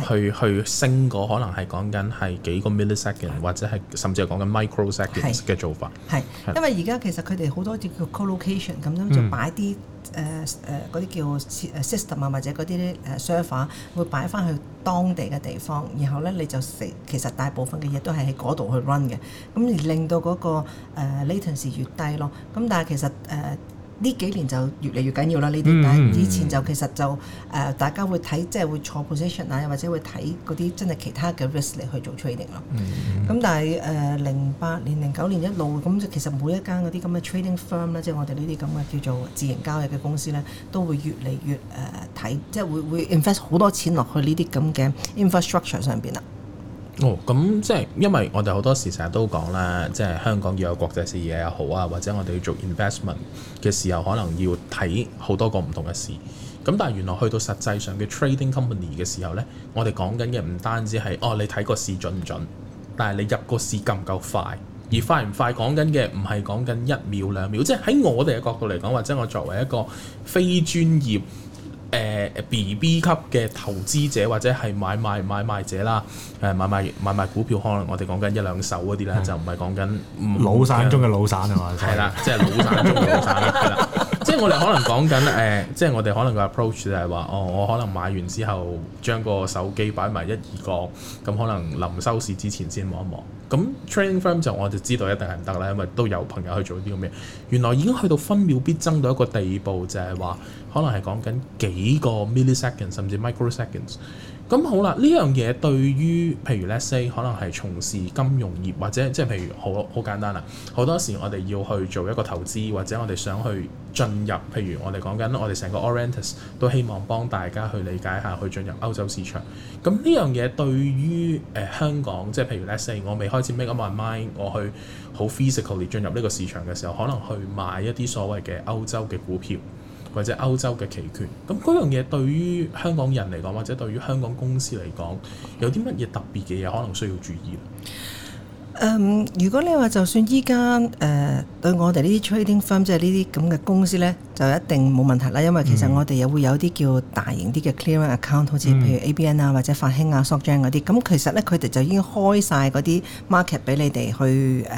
去的去升個？可能係講緊係幾個 millisecond，的或者係甚至係講緊 microseconds 嘅做法。係，因為而家其實佢哋好多叫 co-location 咁樣，ation, 就擺啲誒誒嗰啲叫誒 system 啊，或者嗰啲誒 server 會擺返去。當地嘅地方，然後咧你就食，其實大部分嘅嘢都係喺嗰度去 run 嘅，咁、嗯、而令到嗰、那個誒、uh, latency 越低咯。咁、嗯、但係其實誒。Uh, 呢幾年就越嚟越緊要啦！呢啲但係以前就其實就誒、呃、大家會睇即係會坐 position 啊，又或者會睇嗰啲真係其他嘅 risk 嚟去做 trading 咯、嗯嗯。咁但係誒零八年零九年一路咁其實每一間嗰啲咁嘅 trading firm 咧，即係我哋呢啲咁嘅叫做自營交易嘅公司咧，都會越嚟越誒睇、呃，即係會會 invest 好多錢落去呢啲咁嘅 infrastructure 上邊啦。哦，咁即係因為我哋好多時成日都講啦，即係香港要有國際視野又好啊，或者我哋要做 investment 嘅時候，可能要睇好多個唔同嘅市。咁但係原來去到實際上嘅 trading company 嘅時候呢，我哋講緊嘅唔單止係哦，你睇個市準唔準，但係你入個市夠唔夠快？而快唔快講緊嘅唔係講緊一秒兩秒，即係喺我哋嘅角度嚟講，或者我作為一個非專業，誒 B B 級嘅投資者或者係買賣買賣者啦，誒、呃、買賣買賣股票可能我哋講緊一兩手嗰啲咧，嗯、就唔係講緊老散中嘅老散係嘛？係啦 了，即係 老散中嘅老散啦。 即係我哋可能講緊誒，即係我哋可能個 approach 就係話，哦，我可能買完之後將個手機擺埋一二個，咁可能臨收市之前先望一望。咁 training firm 就我就知道一定係唔得啦，因為都有朋友去做啲咁嘅，原來已經去到分秒必爭到一個地步，就係話可能係講緊幾個 millisecond 甚至 microseconds。咁好啦，呢樣嘢對於譬如 let's say 可能係從事金融業或者即係譬如好好簡單啦，好多時我哋要去做一個投資或者我哋想去進入，譬如我哋講緊，我哋成個 Orientus 都希望幫大家去理解下去進入歐洲市場。咁呢樣嘢對於誒、呃、香港，即係譬如 let's say 我未開始 make up my mind，我去好 physically 進入呢個市場嘅時候，可能去買一啲所謂嘅歐洲嘅股票。或者歐洲嘅期權，咁嗰樣嘢對於香港人嚟講，或者對於香港公司嚟講，有啲乜嘢特別嘅嘢可能需要注意咧？誒、嗯，如果你話就算依家誒對我哋呢啲 trading firm，即係呢啲咁嘅公司咧，就一定冇問題啦，因為其實我哋又會有啲叫大型啲嘅 clearing account，好似譬如 ABN 啊或者發興啊、s o f t z a n 嗰啲，咁其實呢，佢哋就已經開晒嗰啲 market 俾你哋去誒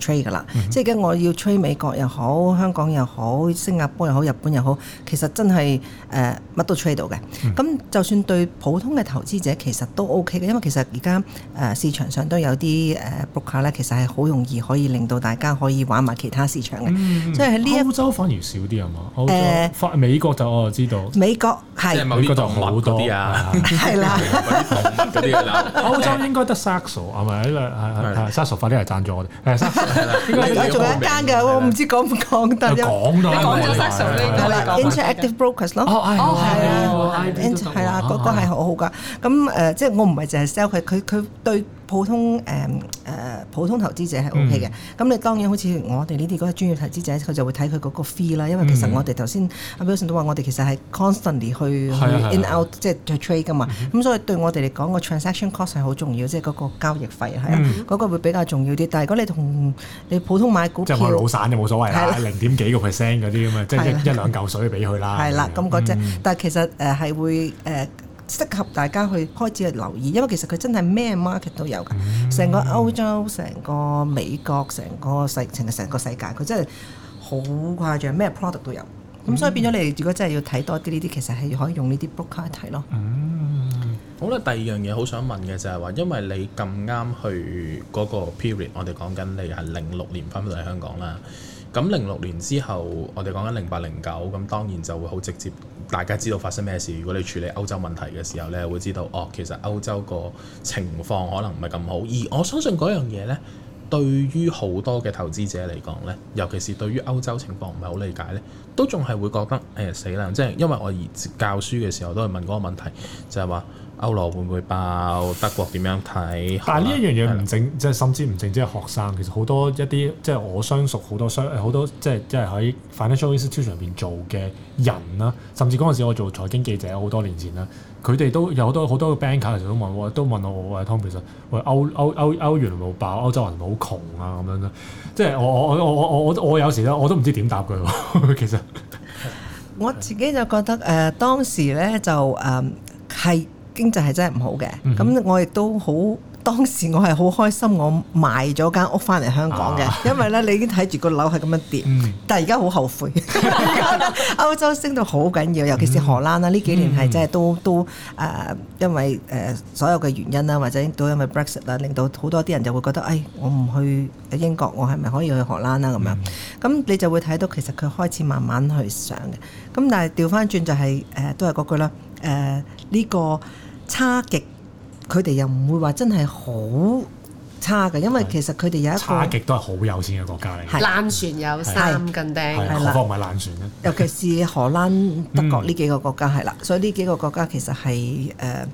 trade 噶啦。嗯、哼即係我要 trade 美國又好、香港又好、新加坡又好、日本又好，其實真係誒乜都 trade 到嘅。咁、嗯、就算對普通嘅投資者，其實都 OK 嘅，因為其實而家、呃、市場上都有啲誒 broker 其實係好容易可以令到大家可以玩埋其他市場嘅。即係喺歐洲反而少啲誒法美國就我就知道美國係美國就好多啲啊，係啦。歐洲應該得 Saxo 啊，咪啊啊啊 Saxo 快啲嚟贊助我哋。誒 Saxo，我做一間㗎，我唔知講唔講得。你講啦，你講個 Saxo 呢個咧，Interactive Brokers 咯，哦哦係啊，inter 係啦，嗰個係好好㗎。咁誒，即係我唔係淨係 sell 佢，佢佢對。普通誒誒普通投資者係 O K 嘅，咁你當然好似我哋呢啲嗰專業投資者，佢就會睇佢嗰個 fee 啦。因為其實我哋頭先 Abelson 都話，我哋其實係 constantly 去 in out 即係 trade 噶嘛。咁所以對我哋嚟講，個 transaction cost 係好重要，即係嗰個交易費係啊，嗰個會比較重要啲。但係如果你同你普通買股，即係老散都冇所謂，零點幾個 percent 嗰啲咁啊，即係一兩嚿水俾佢啦。係啦，咁嗰啫。但係其實誒係會誒。適合大家去開始去留意，因為其實佢真係咩 market 都有㗎，成、嗯、個歐洲、成個美國、成個世、成個世界，佢真係好誇張，咩 product 都有。咁、嗯、所以變咗你如果真係要睇多啲呢啲，其實係可以用呢啲 broker 去睇咯。好啦，第二樣嘢好想問嘅就係話，因為你咁啱去嗰個 period，我哋講緊你係零六年返到嚟香港啦。咁零六年之後，我哋講緊零八零九，咁當然就會好直接。大家知道發生咩事？如果你處理歐洲問題嘅時候咧，會知道哦，其實歐洲個情況可能唔係咁好。而我相信嗰樣嘢咧，對於好多嘅投資者嚟講咧，尤其是對於歐洲情況唔係好理解咧，都仲係會覺得誒死啦！即係因為我而教書嘅時候都係問嗰個問題，就係話。歐羅會唔會爆？德國點樣睇？但係呢一樣嘢唔正，即係甚至唔正，只係學生。其實好多一啲，即係我相熟好多商，好多即係即係喺 financial institution 入邊做嘅人啦。甚至嗰陣時我做財經記者好多年前啦，佢哋都有好多好多個 banker 其實都問我，都問我，我係湯佩信，喂歐歐歐歐元會冇爆？歐洲人唔好窮啊？咁樣咧，即係我我我我我我有時咧，我都唔知點答佢。其實 我自己就覺得誒、呃，當時咧就誒係。嗯經濟係真係唔好嘅，咁、mm hmm. 我亦都好。當時我係好開心，我賣咗間屋翻嚟香港嘅，ah. 因為呢，你已經睇住個樓係咁樣跌，mm hmm. 但係而家好後悔。 歐洲升到好緊要，尤其是荷蘭啦，呢、mm hmm. 幾年係真係都都誒、呃，因為誒、呃、所有嘅原因啦，或者都因為 Brexit 啦，令到好多啲人就會覺得，誒、哎、「我唔去英國，我係咪可以去荷蘭啦？」咁樣，咁、mm hmm. 你就會睇到其實佢開始慢慢去上嘅。咁但係調翻轉就係、是、誒，都係嗰句啦，誒、呃、呢、呃呃呃呃呃這個。差極，佢哋又唔會話真係好差嘅，因為其實佢哋有一個差極都係好有錢嘅國家嚟嘅。爛船對有三斤釘，係啦。何況唔係爛船嘅，好不好不，尤其是荷蘭、德國呢幾個國家，係啦、 嗯，所以呢幾個國家其實係誒。呃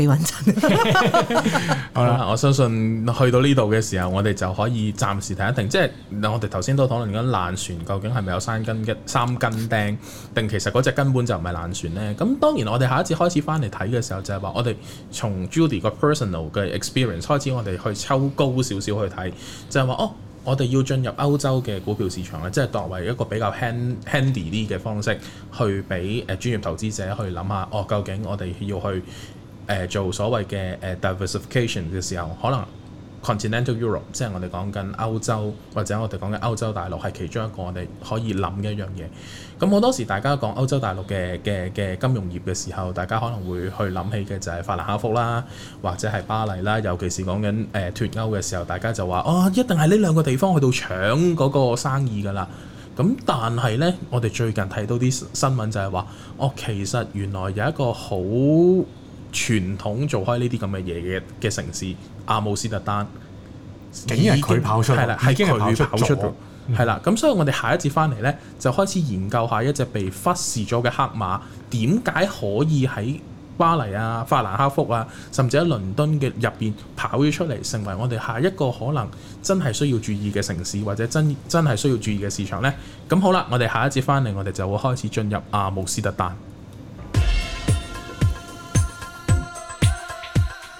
好啦！我相信去到呢度嘅時候，我哋就可以暫時停一停，即係我哋頭先都討論緊，爛船究竟係咪有三根一三根釘，定其實嗰隻根本就唔係爛船呢？咁當然，我哋下一次開始翻嚟睇嘅時候，就係話我哋從 Judy 個 personal 嘅 experience 開始，我哋去抽高少少去睇，就係話哦，我哋要進入歐洲嘅股票市場咧，即係作為一個比較 hand handy 啲嘅方式，去俾誒專業投資者去諗下，哦，究竟我哋要去。誒做所謂嘅誒、uh, diversification 嘅時候，可能 continental Europe 即係我哋講緊歐洲或者我哋講緊歐洲大陸係其中一個我哋可以諗嘅一樣嘢。咁好多時大家講歐洲大陸嘅嘅嘅金融業嘅時候，大家可能會去諗起嘅就係法蘭克福啦，或者係巴黎啦。尤其是講緊誒脫歐嘅時候，大家就話啊、哦，一定係呢兩個地方去到搶嗰個生意㗎啦。咁但係呢，我哋最近睇到啲新聞就係話，哦，其實原來有一個好。傳統做開呢啲咁嘅嘢嘅嘅城市，阿姆斯特丹竟然佢跑出嚟，係啦，係佢跑出咗，係啦。咁、嗯、哼所以，我哋下一節翻嚟呢，就開始研究一下一隻被忽視咗嘅黑馬，點解可以喺巴黎啊、法蘭克福啊，甚至喺倫敦嘅入邊跑咗出嚟，成為我哋下一個可能真係需要注意嘅城市，或者真真係需要注意嘅市場呢。咁好啦，我哋下一節翻嚟，我哋就會開始進入阿姆斯特丹。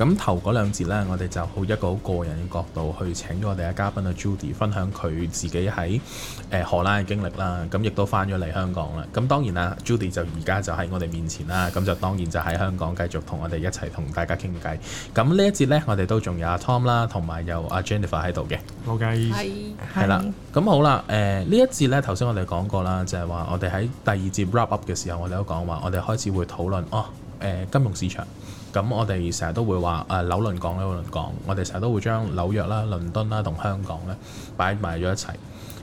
咁頭嗰兩節咧，我哋就好一個好個人嘅角度去請咗我哋嘅嘉賓啊，Judy 分享佢自己喺誒、呃、荷蘭嘅經歷啦。咁亦都返咗嚟香港啦。咁當然啦，Judy 就而家就喺我哋面前啦。咁就當然就喺香港繼續同我哋一齊同大家傾偈。咁呢一節咧，我哋都仲有阿、啊、Tom 啦，同埋有阿、啊、Jennifer 喺度嘅。冇介意。係。係啦。咁好啦，誒、呃、呢一節咧，頭先我哋講過啦，就係、是、話我哋喺第二節 wrap up 嘅時候，我哋都講話我哋開始會討論哦，誒、呃、金融市場。咁我哋成日都會話誒、啊、紐倫港、紐倫港，我哋成日都會將紐約啦、倫敦啦同香港咧擺埋咗一齊。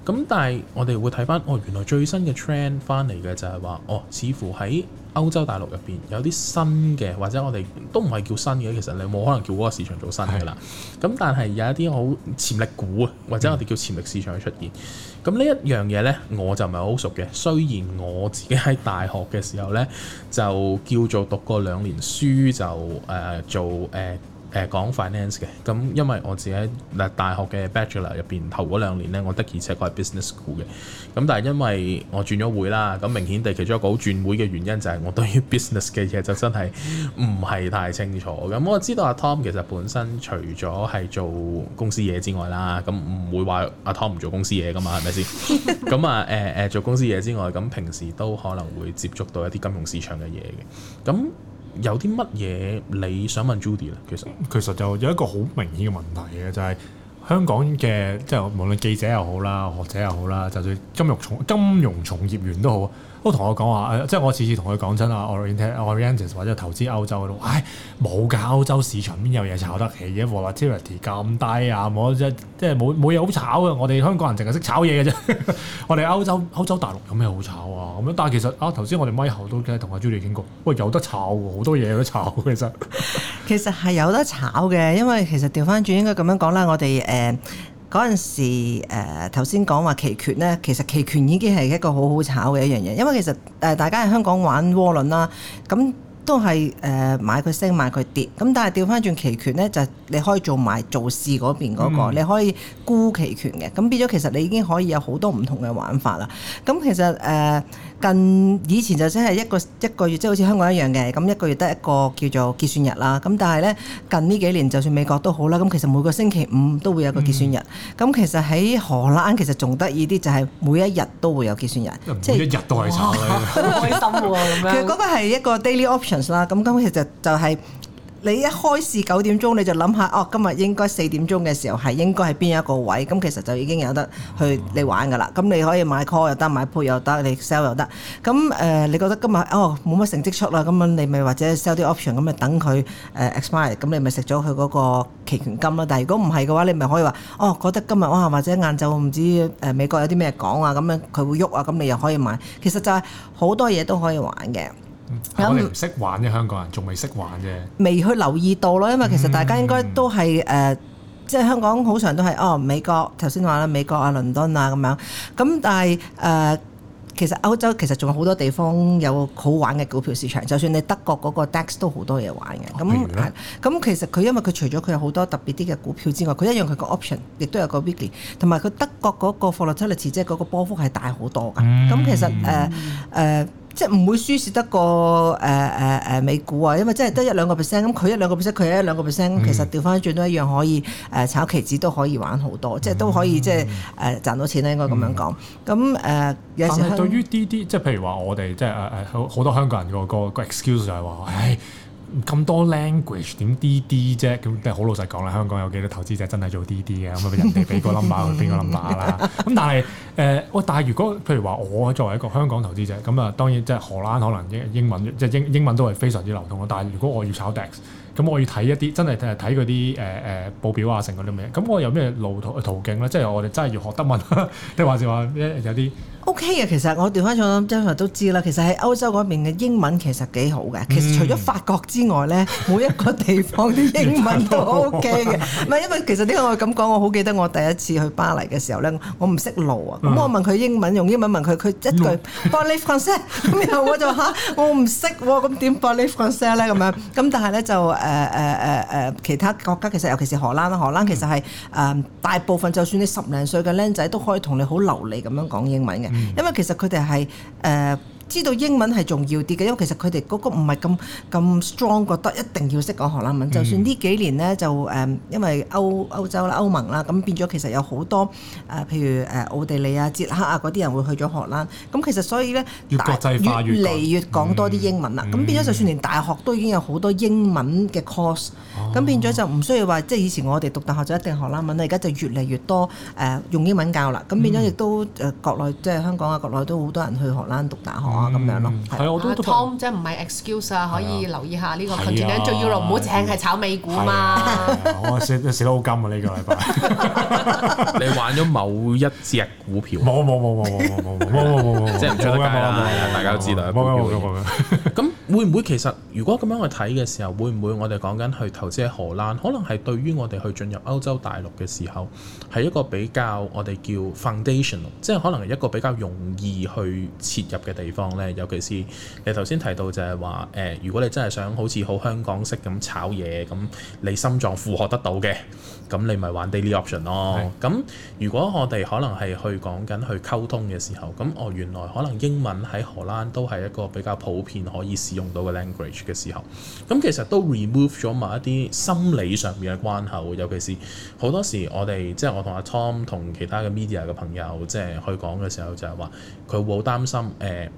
咁但係我哋會睇翻，哦，原來最新嘅 Trend 翻嚟嘅就係話，哦，似乎喺歐洲大陸入邊有啲新嘅，或者我哋都唔係叫新嘅，其實你冇可能叫嗰個市場做新噶啦。咁是的 但係有一啲好潛力股啊，或者我哋叫潛力市場出現。嗯嗯。咁呢一樣嘢咧，我就唔係好熟嘅。雖然我自己喺大學嘅時候咧，就叫做讀過兩年書就，就、呃、誒做誒。呃誒講 finance 嘅，咁因為我自己喺大學嘅 bachelor 入邊頭嗰兩年呢，我的而且確係 business school 嘅，咁但係因為我轉咗會啦，咁明顯地其中一個好轉會嘅原因就係我對於 business 嘅嘢就真係唔係太清楚，咁我知道阿 Tom 其實本身除咗係做公司嘢之外啦，咁唔會話阿 Tom 唔做公司嘢㗎嘛，係咪先？咁啊誒誒做公司嘢之外，咁平時都可能會接觸到一啲金融市場嘅嘢嘅，咁。有啲乜嘢你想問 Judy 咧？其實其實就有一個好明顯嘅問題嘅，就係香港嘅，即係無論記者又好啦、學者又好啦，就算金融從金融從業員都好。都同我講話，即係我次次同佢講真啊 Oriented Oriented 或者投資歐洲度，唉，冇噶歐洲市場邊有嘢炒得起嘅嘢，volatility 咁低啊！我即即係冇冇嘢好炒嘅，我哋香港人淨係識炒嘢嘅啫。我哋歐洲歐洲大陸有咩好炒啊？咁樣，但係其實啊，頭先我哋 Michael 都同阿 Julie 傾過，喂，有得炒喎，好多嘢有得炒。其實其實係有得炒嘅，因為其實調翻轉應該咁樣講啦，我哋誒。呃嗰陣時，誒頭先講話期權咧，其實期權已經係一個好好炒嘅一樣嘢，因為其實誒、呃、大家喺香港玩窩輪啦，咁都係誒、呃、買佢升買佢跌，咁但係調翻轉期權咧，就係、你可以做埋做市嗰邊嗰、嗰個，嗯、你可以沽期權嘅，咁變咗其實你已經可以有好多唔同嘅玩法啦，咁其實誒。呃近以前就真係一個一個月，即、就、係、是、好似香港一樣嘅，咁一個月得一個叫做結算日啦。咁但係呢近呢幾年就算美國都好啦，咁其實每個星期五都會有一個結算日。咁、嗯、其實喺荷蘭其實仲得意啲，就係每一日都會有結算日。即係一日都係炒，開心喎咁樣。其實嗰個係一個 daily options 啦。咁咁其實就係、是。你一開始九點鐘你就諗下，哦，今日應該四點鐘嘅時候係應該係邊一個位？咁其實就已經有得去你玩㗎啦。咁你可以買 call 又得，買 put 又得，你 sell 又得。咁誒、呃，你覺得今日哦冇乜成績出啦，咁樣你咪或者 sell 啲 option 咁咪等佢誒 expire。咁你咪食咗佢嗰個期權金啦。但係如果唔係嘅話，你咪可以話哦，覺得今日啊、哦，或者晏晝唔知誒美國有啲咩講啊，咁樣佢會喐啊，咁你又可以買。其實就係好多嘢都可以玩嘅。唔識玩嘅香港人仲未識玩啫，未去留意到咯。因為其實大家應該都係誒、嗯呃，即係香港好常都係哦，美國頭先話啦，美國啊，倫敦啊咁樣。咁但係誒、呃，其實歐洲其實仲有好多地方有好玩嘅股票市場。就算你德國嗰個 DAX 都好多嘢玩嘅。咁咁其實佢因為佢除咗佢有好多特別啲嘅股票之外，佢一樣佢個 option 亦都有個 weekly，同埋佢德國嗰個貨幣 trades 即係嗰個波幅係大好多㗎。咁其實誒誒。嗯嗯嗯嗯即係唔會輸蝕得過誒誒誒美股啊，因為真係得一兩個 percent，咁佢一兩個 percent，佢一兩個 percent，其實調翻轉都一樣可以誒炒期指都可以玩好多，即係都可以即係誒賺到錢啦，應該咁樣講。咁誒、嗯嗯呃、有時對於啲啲即係譬如話我哋即係誒誒好好多香港人個個 excuse、嗯、就係話，唉。咁多 language 點 DD 啫？咁即係好老實講啦，香港有幾多投資者真係做 DD 嘅？咁啊人哋俾個 number 去邊個 number 啦？咁 但係誒喂，但係如果譬如話我作為一個香港投資者，咁啊當然即係荷蘭可能英文英文即係英英文都係非常之流通咯。但係如果我要炒 DAX，咁我要睇一啲真係睇嗰啲誒誒報表啊，成嗰啲咩？咁我有咩路途途徑咧？即係我哋真係要學德文，定還是話有啲？O K 嘅，其實我調翻轉頭 Jennifer 都知啦。其實喺歐洲嗰邊嘅英文其實幾好嘅。嗯、其實除咗法國之外咧， 每一個地方啲英文都 O K 嘅。唔係 因為其實點解我咁講，我好記得我第一次去巴黎嘅時候咧，我唔識路啊。咁、嗯嗯、我問佢英文，用英文問佢，佢一句 Believe French 咁然後我就話， 我唔識喎，咁點 Believe French 咁樣咁但係咧就誒誒誒誒，其他國家其實尤其是荷蘭啦，荷蘭其實係誒、呃、大部分，就算你十零歲嘅僆仔都可以同你好流利咁樣講英文嘅。 因為其實佢哋係誒。知道英文係重要啲嘅，因為其實佢哋嗰個唔係咁咁 strong，覺得一定要識講荷蘭文。就算呢幾年呢，就誒因為歐歐洲啦、歐盟啦，咁變咗其實有好多誒，譬如誒奧地利啊、捷克啊嗰啲人會去咗荷蘭，咁其實所以呢，越國際化越嚟越，越講多啲英文啦。咁、嗯嗯、變咗就算連大學都已經有好多英文嘅 course，咁、哦、變咗就唔需要話即係以前我哋讀大學就一定荷蘭文啦，而家就越嚟越多誒、呃、用英文教啦。咁變咗亦都誒國內即係香港啊，國內都好多人去荷蘭讀大學。啊啊咁樣咯，係啊，我都 Tom 即係唔係 Excuse 啊，可以留意下呢個。係啊，最重要咯，唔好淨係炒美股嘛。我蝕得好金啊！呢個禮拜，你玩咗某一隻股票？冇冇冇冇冇冇冇冇冇冇冇，即係唔出得街啦，大家都知道。冇冇，冇嘅。咁。會唔會其實如果咁樣去睇嘅時候，會唔會我哋講緊去投資喺荷蘭，可能係對於我哋去進入歐洲大陸嘅時候，係一個比較我哋叫 foundational，即係可能係一個比較容易去切入嘅地方呢？尤其是你頭先提到就係話誒，如果你真係想好似好香港式咁炒嘢，咁你心臟負荷得到嘅。咁你咪玩 daily option 咯。咁是如果我哋可能係去講緊去溝通嘅時候，咁我、哦、原來可能英文喺荷蘭都係一個比較普遍可以使用到嘅 language 嘅時候，咁其實都 remove 咗埋一啲心理上面嘅關口。尤其是好多時我哋即係我同阿 Tom 同其他嘅 media 嘅朋友即係去講嘅時候就，就係話佢會好擔心誒哦、呃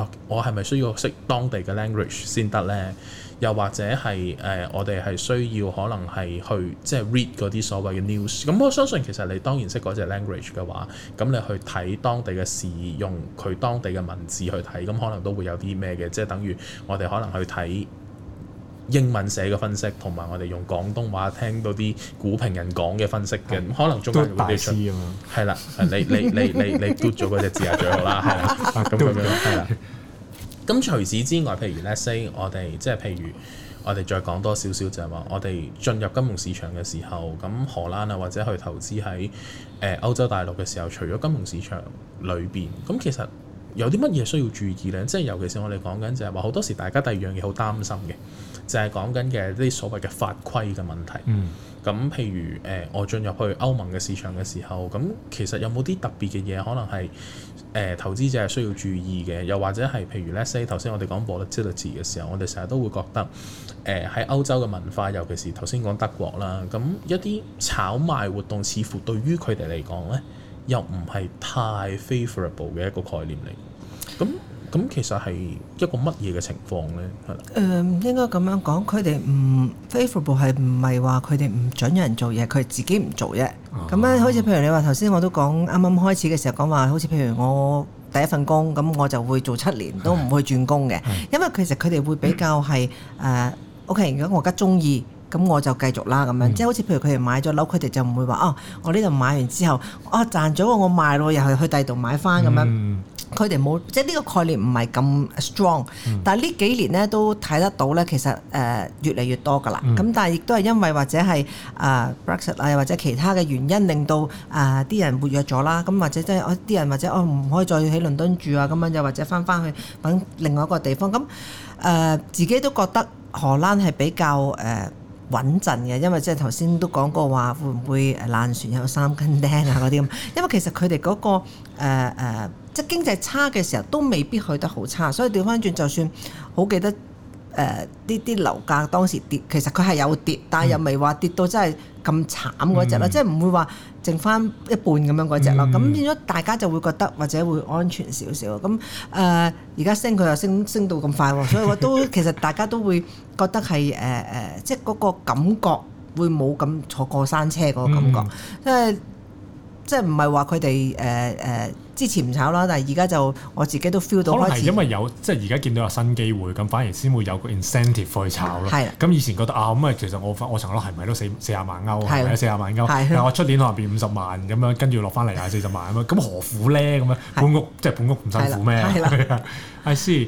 啊，我係咪需要識當地嘅 language 先得咧？又或者係誒、呃，我哋係需要可能係去即係 read 嗰啲所謂嘅 news。咁我相信其實你當然識嗰隻 language 嘅話，咁你去睇當地嘅事，用佢當地嘅文字去睇，咁可能都會有啲咩嘅，即係等於我哋可能去睇英文寫嘅分析，同埋我哋用廣東話聽到啲股評人講嘅分析嘅。咁、嗯、可能中間會有啲輸啊。係啦，你你你你你 do 咗嗰隻字係最好啦，係啦， 咁樣係啦。 咁除此之外，譬如 let's say 我哋即係譬如我哋再講多少少，就係話我哋進入金融市場嘅時候，咁荷蘭啊或者去投資喺誒歐洲大陸嘅時候，除咗金融市場裏邊，咁其實有啲乜嘢需要注意咧？即係尤其是我哋講緊就係話好多時大家第二樣嘢好擔心嘅，就係講緊嘅啲所謂嘅法規嘅問題。嗯。咁譬如誒、呃，我進入去歐盟嘅市場嘅時候，咁其實有冇啲特別嘅嘢可能係誒、呃、投資者係需要注意嘅？又或者係譬如 Let's say 頭先我哋講 Volatility 嘅時候，我哋成日都會覺得誒喺、呃、歐洲嘅文化，尤其是頭先講德國啦，咁一啲炒賣活動似乎對於佢哋嚟講咧，又唔係太 favorable 嘅一個概念嚟。咁咁其實係一個乜嘢嘅情況咧？係啦、嗯，誒應該咁樣講，佢哋唔 favorable 係唔係話佢哋唔準有人做嘢，佢自己唔做啫。咁咧、啊，好似譬如你話頭先，我都講啱啱開始嘅時候講話，好似譬如我第一份工，咁我就會做七年都唔會轉工嘅，的因為其實佢哋會比較係誒、嗯 uh, OK，如果我而家中意。咁我就繼續啦，咁樣即係好似譬如佢哋買咗樓，佢哋就唔會話、mm. 哦。我呢度買完之後，哦賺咗我賣咯，又係去第二度買翻咁樣。佢哋冇即係呢個概念唔係咁 strong，但係呢幾年咧都睇得到咧，其實誒、呃、越嚟越多㗎啦。咁、mm. 但係亦都係因為或者係啊、呃、Brexit 啊，又或者其他嘅原因，令到啊啲、呃、人活躍咗啦。咁或者即係啲人或者哦唔可以再喺倫敦住啊，咁樣又或者翻翻去揾另外一個地方咁誒、呃，自己都覺得荷蘭係比較誒。呃呃穩陣嘅，因為即係頭先都講過話，會唔會誒爛船有三根釘啊嗰啲咁。因為其實佢哋嗰個誒、呃呃、即係經濟差嘅時候都未必去得好差，所以調返轉就算好記得。誒啲啲樓價當時跌，其實佢係有跌，但係又未話跌到真係咁慘嗰隻囉，嗯、即係唔會話剩返一半咁樣嗰隻囉。咁變咗大家就會覺得或者會安全少少。咁誒而家升佢又升，升到咁快，所以我都其實大家都會覺得係誒誒，即係嗰個感覺會冇咁坐過山車嗰個感覺，嗯呃、即係即係唔係話佢哋誒誒。呃呃之前唔炒啦，但係而家就我自己都 feel 到開始。可能係因為有即係而家見到有新機會，咁反而先會有個 incentive 去炒咯。係。咁以前覺得啊，咁啊其實我我層樓係咪都四四十萬歐？係咪四十萬歐？我出年可能變五十萬咁樣，跟住落翻嚟又四十萬咁樣，咁何苦咧？咁樣本屋即係本屋唔辛苦咩？係啦，阿 Sir。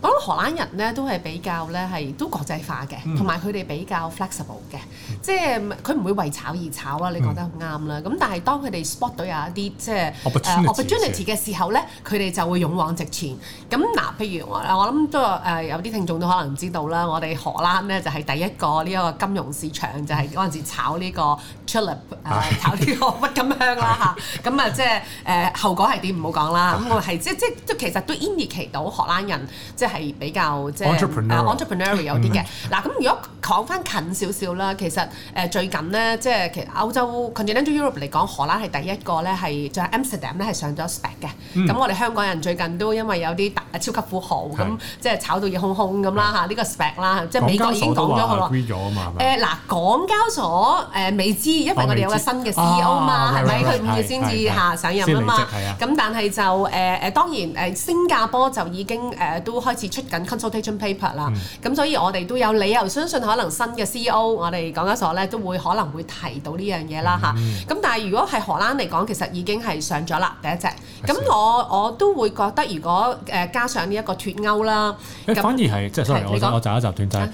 講到荷蘭人咧，都係比較咧係都國際化嘅，同埋佢哋比較 flexible 嘅，嗯、即係佢唔會為炒而炒啊！你講得啱啦。咁、嗯、但係當佢哋 spot 到有一啲即係 opportunity 嘅時候咧，佢哋就會勇往直前。咁嗱，譬如我我諗都誒有啲聽眾都可能知道啦，我哋荷蘭咧就係第一個呢一個金融市場，就係嗰陣時炒呢個 tulip 啊、 uh, 這個，炒呢個乜咁香啦吓，咁 啊，即係誒後果係點唔好講啦。咁我係即即即其實都 inherit 到荷蘭人即係。係比較即係 entrepreneurial 有啲嘅。嗱，咁如果講翻近少少啦，其實誒最近呢，即係其實歐洲 （Continental Europe） 嚟講，荷蘭係第一個咧係，就係 Amsterdam 咧係上咗 Spec 嘅。咁我哋香港人最近都因為有啲大超級富豪咁，即係炒到熱烘烘咁啦嚇，呢個 Spec 啦，即係美國已經講咗佢話誒嗱，港交所誒未知，因為我哋有個新嘅 CEO 嘛，係咪佢五月先至下上任啊嘛？咁但係就誒誒當然誒，新加坡就已經誒都開。似出緊 consultation paper 啦，咁所以我哋都有理由相信，可能新嘅 CEO 我哋港交所咧都會可能會提到呢樣嘢啦吓，咁但係如果係荷蘭嚟講，其實已經係上咗啦第一隻。咁我我都會覺得，如果誒加上呢一個脫歐啦，反而係即係所我我一集斷曬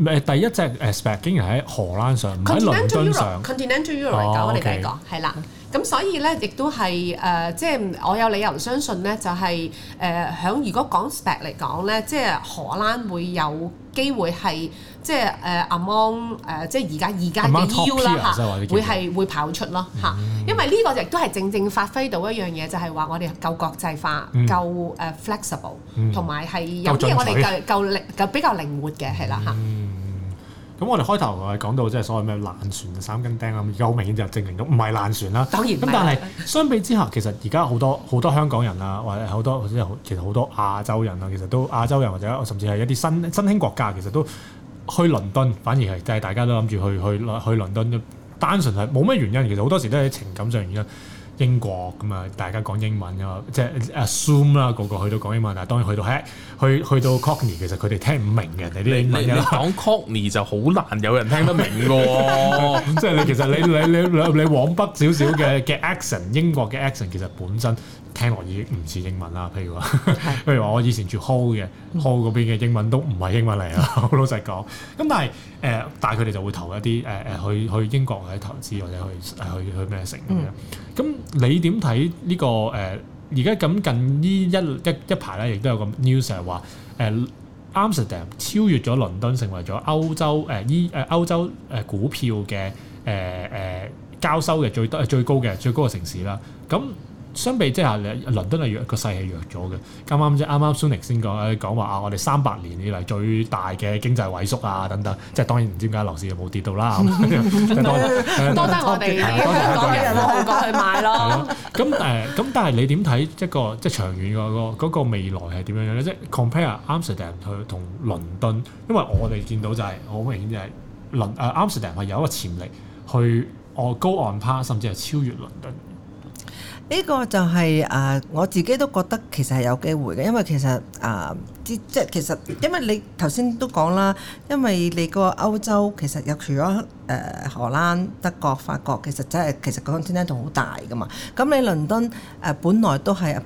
誒第一隻 SPAC 竟然喺荷蘭上喺 Continental Europe 我哋第一個係啦。咁所以咧，亦都係誒，即、呃、係、就係、我有理由相信咧，就係誒響如果講 spec 嚟講咧，即係荷蘭會有機會係即係誒 among 誒，即係而家而家嘅 U 啦嚇、啊，會係會跑出咯嚇。嗯、因為呢個亦都係正正發揮到一樣嘢，就係話我哋夠國際化、嗯、夠誒 flexible，同埋係、嗯、有啲嘢我哋夠夠靈夠比較靈活嘅係啦嚇。咁我哋開頭誒講到即係所謂咩爛船三斤釘咁，而家好明顯就證明咗唔係爛船啦。當然，咁但係相比之下，其實而家好多好多香港人啊，或者好多即係其實好多亞洲人啊，其實都亞洲人或者甚至係一啲新新興國家，其實都去倫敦，反而係即係大家都諗住去去去倫敦，單純係冇咩原因。其實好多時都係情感上原因。英國咁啊，大家講英文嘅，即係 Assume 啦，個個去到講英文，但係當然去到 Hack，去去到 Cockney 其實佢哋聽唔明嘅，啲英文講 Cockney 就好難有人聽得明嘅喎，即係你其實你你你你往北少少嘅嘅 Accent，英國嘅 Accent 其實本身聽落已經唔似英文啦，譬如話，譬如話我以前住 Hull 嘅 Hull 嗰邊嘅英文都唔係英文嚟啊，我老實講，咁但係。誒，但係佢哋就會投一啲誒誒去去英國或者投資或者去去去咩城咁樣、這個。咁你點睇呢個誒？而家咁近呢一一一,一排咧，亦都有個 news 係話誒 Amsterdam 超越咗倫敦，成為咗歐洲誒依誒歐洲誒股票嘅誒誒交收嘅最多最高嘅最高嘅城市啦。咁相比即係倫敦係弱個勢氣弱咗嘅，啱啱即係啱啱 Sunak 先講講話啊，我哋三百年以嚟最大嘅經濟萎縮啊等等，即係當然唔知點解樓市有冇跌到啦，多得我哋香港人落 去買咯。咁誒、 啊，咁但係你點睇一個即係長遠個嗰、那個未來係點樣樣咧？即係 compare Amsterdam 去同倫敦，因為我哋見到就係、是、好明顯就係倫誒 Amsterdam 係有一個潛力去我 go on par 甚至係超越倫敦。呢個就係、是、誒、呃，我自己都覺得其實係有機會嘅，因為其實誒，啲、呃、即係其實，因為你頭先都講啦，因為你個歐洲其實入除咗誒荷蘭、德國、法國，其實真、就、係、是、其實個 continent 好大㗎嘛。咁你倫敦誒、呃、本來都係 a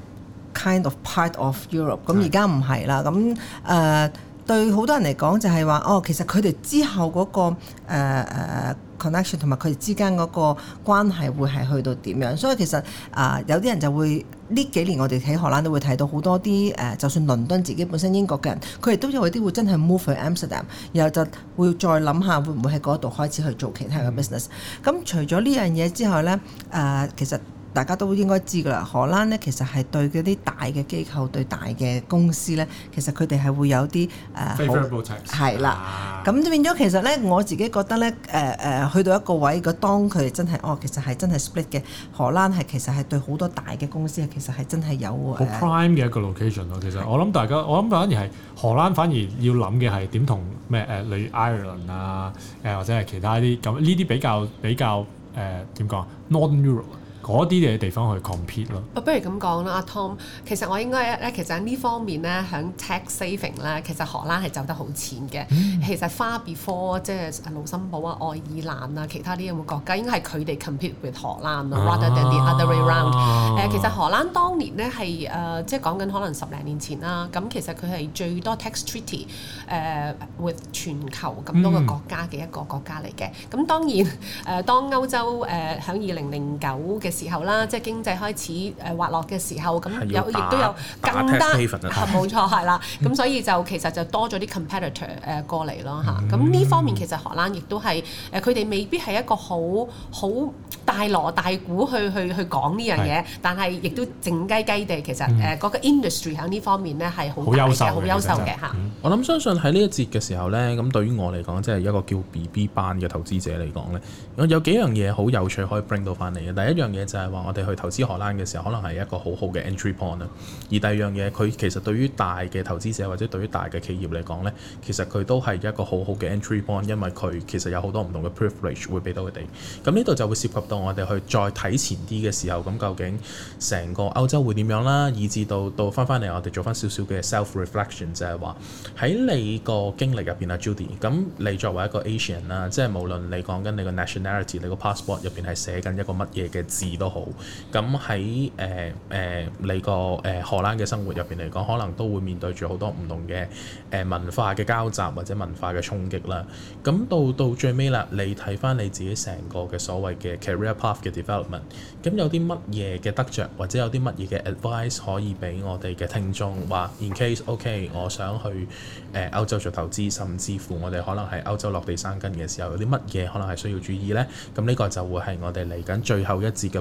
kind of part of Europe，咁而家唔係啦，咁、呃、誒。對好多人嚟講，就係話哦，其實佢哋之後嗰、嗰個誒、呃啊、connection 同埋佢哋之間嗰個關係會係去到點樣？所以其實啊、呃，有啲人就會呢幾年，我哋喺荷蘭都會睇到好多啲誒、呃，就算倫敦自己本身英國嘅人，佢哋都有啲會真係 move 去 Amsterdam，然後就會再諗下會唔會喺嗰度開始去做其他嘅 business。咁、嗯、除咗呢樣嘢之後咧，誒、呃、其實。大家都應該知㗎啦。荷蘭咧，其實係對嗰啲大嘅機構、對大嘅公司咧，其實佢哋係會有啲誒好係啦。咁變咗其實咧，我自己覺得咧，誒誒去到一個位，個當佢真係哦，其實係真係 split 嘅，荷蘭係其實係對好多大嘅公司其實係真係有好 prime 嘅一個 location 咯。其實我諗大家，我諗反而係荷蘭反而要諗嘅係點同咩誒你 Ireland 啊誒或者係其他啲咁呢啲比較比較誒點講 Northern Europe。嗰啲嘅地方去 compete 咯、啊，不如咁講啦，阿 Tom，其實我應該咧，其實喺呢方面咧，響 tax saving 咧，其實荷蘭係走得好前嘅。嗯、其實 far before 即係盧森堡啊、愛爾蘭啊、其他啲咁嘅國家，應該係佢哋 compete with 荷蘭、啊，rather than the other way around、啊。誒，其實荷蘭當年咧係誒，即係講緊可能十零年前啦，咁其實佢係最多 tax treaty 誒、呃、with 全球咁多個國家嘅一個國家嚟嘅。咁、嗯、當然誒，當歐洲誒喺二零零九嘅。呃時候啦，即係經濟開始誒滑落嘅時候，咁有亦都有更加冇錯係啦。咁 所以就其實就多咗啲 competitor 誒過嚟咯嚇。咁呢、嗯啊、方面其實荷蘭亦都係誒佢哋未必係一個好好大鑼大鼓去去去講呢樣嘢，是但係亦都靜雞雞地其實誒嗰、嗯、個 industry 喺呢方面咧係好優秀、好實優秀嘅嚇。嗯、的我諗相信喺呢一節嘅時候咧，咁對於我嚟講，即、就、係、是、一個叫 BB 班嘅投資者嚟講咧，有有幾樣嘢好有趣可以 bring 到翻嚟嘅。第一樣嘢。就係話我哋去投資荷蘭嘅時候，可能係一個好好嘅 entry point 啦。而第二樣嘢，佢其實對於大嘅投資者或者對於大嘅企業嚟講呢，其實佢都係一個好好嘅 entry point，因為佢其實有好多唔同嘅 privilege 會俾到佢哋。咁呢度就會涉及到我哋去再睇前啲嘅時候，咁究竟成個歐洲會點樣啦？以至到到翻翻嚟，我哋做翻少少嘅 self reflection，就係話喺你個經歷入邊啊，Judy。咁你作為一個 Asian 啦，即係無論你講緊你個 nationality，你個 passport 入邊係寫緊一個乜嘢嘅字？都好，咁喺誒誒你個誒、呃、荷蘭嘅生活入邊嚟講，可能都會面對住好多唔同嘅誒、呃、文化嘅交集或者文化嘅衝擊啦。咁到到最尾啦，你睇返你自己成個嘅所謂嘅 career path 嘅 development，咁有啲乜嘢嘅得着，或者有啲乜嘢嘅 advice 可以俾我哋嘅聽眾話：「in case ok，我想去誒、呃、歐洲做投資，甚至乎我哋可能喺歐洲落地生根嘅時候，有啲乜嘢可能係需要注意呢？」咁呢個就會係我哋嚟緊最後一節嘅。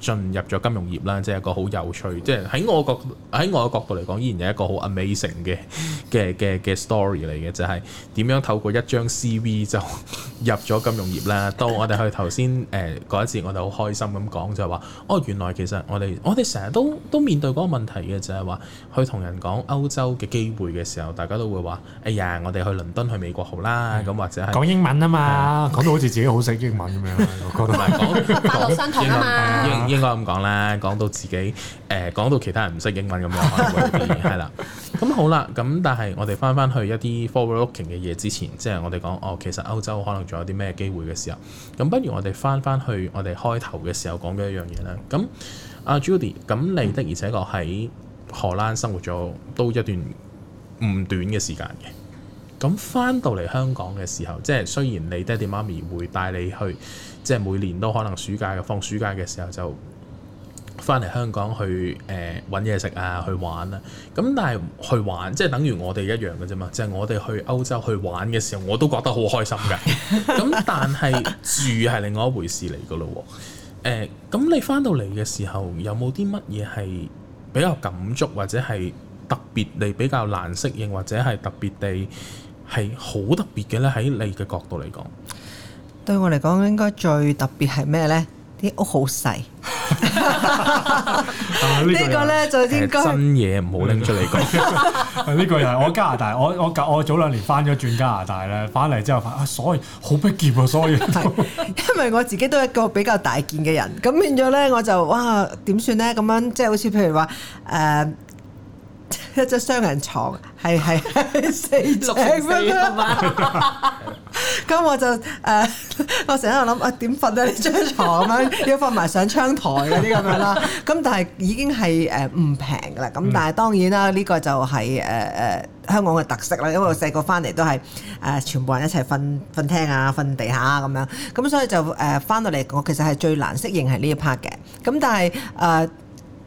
進入咗金融業啦，即係一個好有趣，即係喺我個喺我嘅角度嚟講，依然係一個好 amazing 嘅嘅嘅嘅 story 嚟嘅，就係點樣透過一張 CV 就入咗金融業啦。到我哋去頭先誒嗰一節，我哋好開心咁講就係話，哦原來其實我哋我哋成日都都面對嗰個問題嘅，就係話去同人講歐洲嘅機會嘅時候，大家都會話，哎呀，我哋去倫敦去美國好啦，咁或者係講英文啊嘛，講到好似自己好識英文咁樣，講到八路山頭啊嘛。應該咁講啦，講到自己誒，講、呃、到其他人唔識英文咁樣可能會，係啦。 咁好啦，咁但係我哋翻翻去一啲 forward-looking 嘅嘢之前，即係我哋講哦，其實歐洲可能仲有啲咩機會嘅時候，咁不如我哋翻翻去我哋開頭嘅時候講嘅一樣嘢啦。咁阿、啊、Judy，咁你的而且確喺荷蘭生活咗都一段唔短嘅時間嘅。咁翻到嚟香港嘅時候，即係雖然你爹哋媽咪會帶你去，即係每年都可能暑假嘅放暑假嘅時候就翻嚟香港去誒揾嘢食啊，去玩啊。咁但係去玩即係等於我哋一樣嘅啫嘛，即係我哋去歐洲去玩嘅時候，我都覺得好開心嘅。咁但係住係另外一回事嚟噶咯喎。誒咁你翻到嚟嘅時候，有冇啲乜嘢係比較感觸，或者係特別地比較難適應，或者係特別地？係好特別嘅咧，喺你嘅角度嚟講，對我嚟講應該最特別係咩咧？啲屋好細，呢個咧就應該真嘢唔好拎出嚟講。呢、 啊這個又係我加拿大，我我我早兩年翻咗轉加拿大咧，翻嚟之後發啊，所以好迫狹啊，所以，啊、所以 因為我自己都係一個比較大件嘅人，咁變咗咧我就哇點算咧？咁樣即係好似譬如話誒。呃一隻雙人床，係係係四張咁樣，咁 我就誒、呃，我成日喺度諗啊，點瞓得呢張床咁樣？要瞓埋上窗台嗰啲咁樣啦。咁但係已經係誒唔平㗎啦。咁但係當然啦，呢、這個就係誒誒香港嘅特色啦。因為我細個翻嚟都係誒、呃，全部人一齊瞓瞓廳啊，瞓地下啊咁樣。咁所以就誒翻到嚟，我、呃、其實係最難適應係呢一 part 嘅。咁但係誒。呃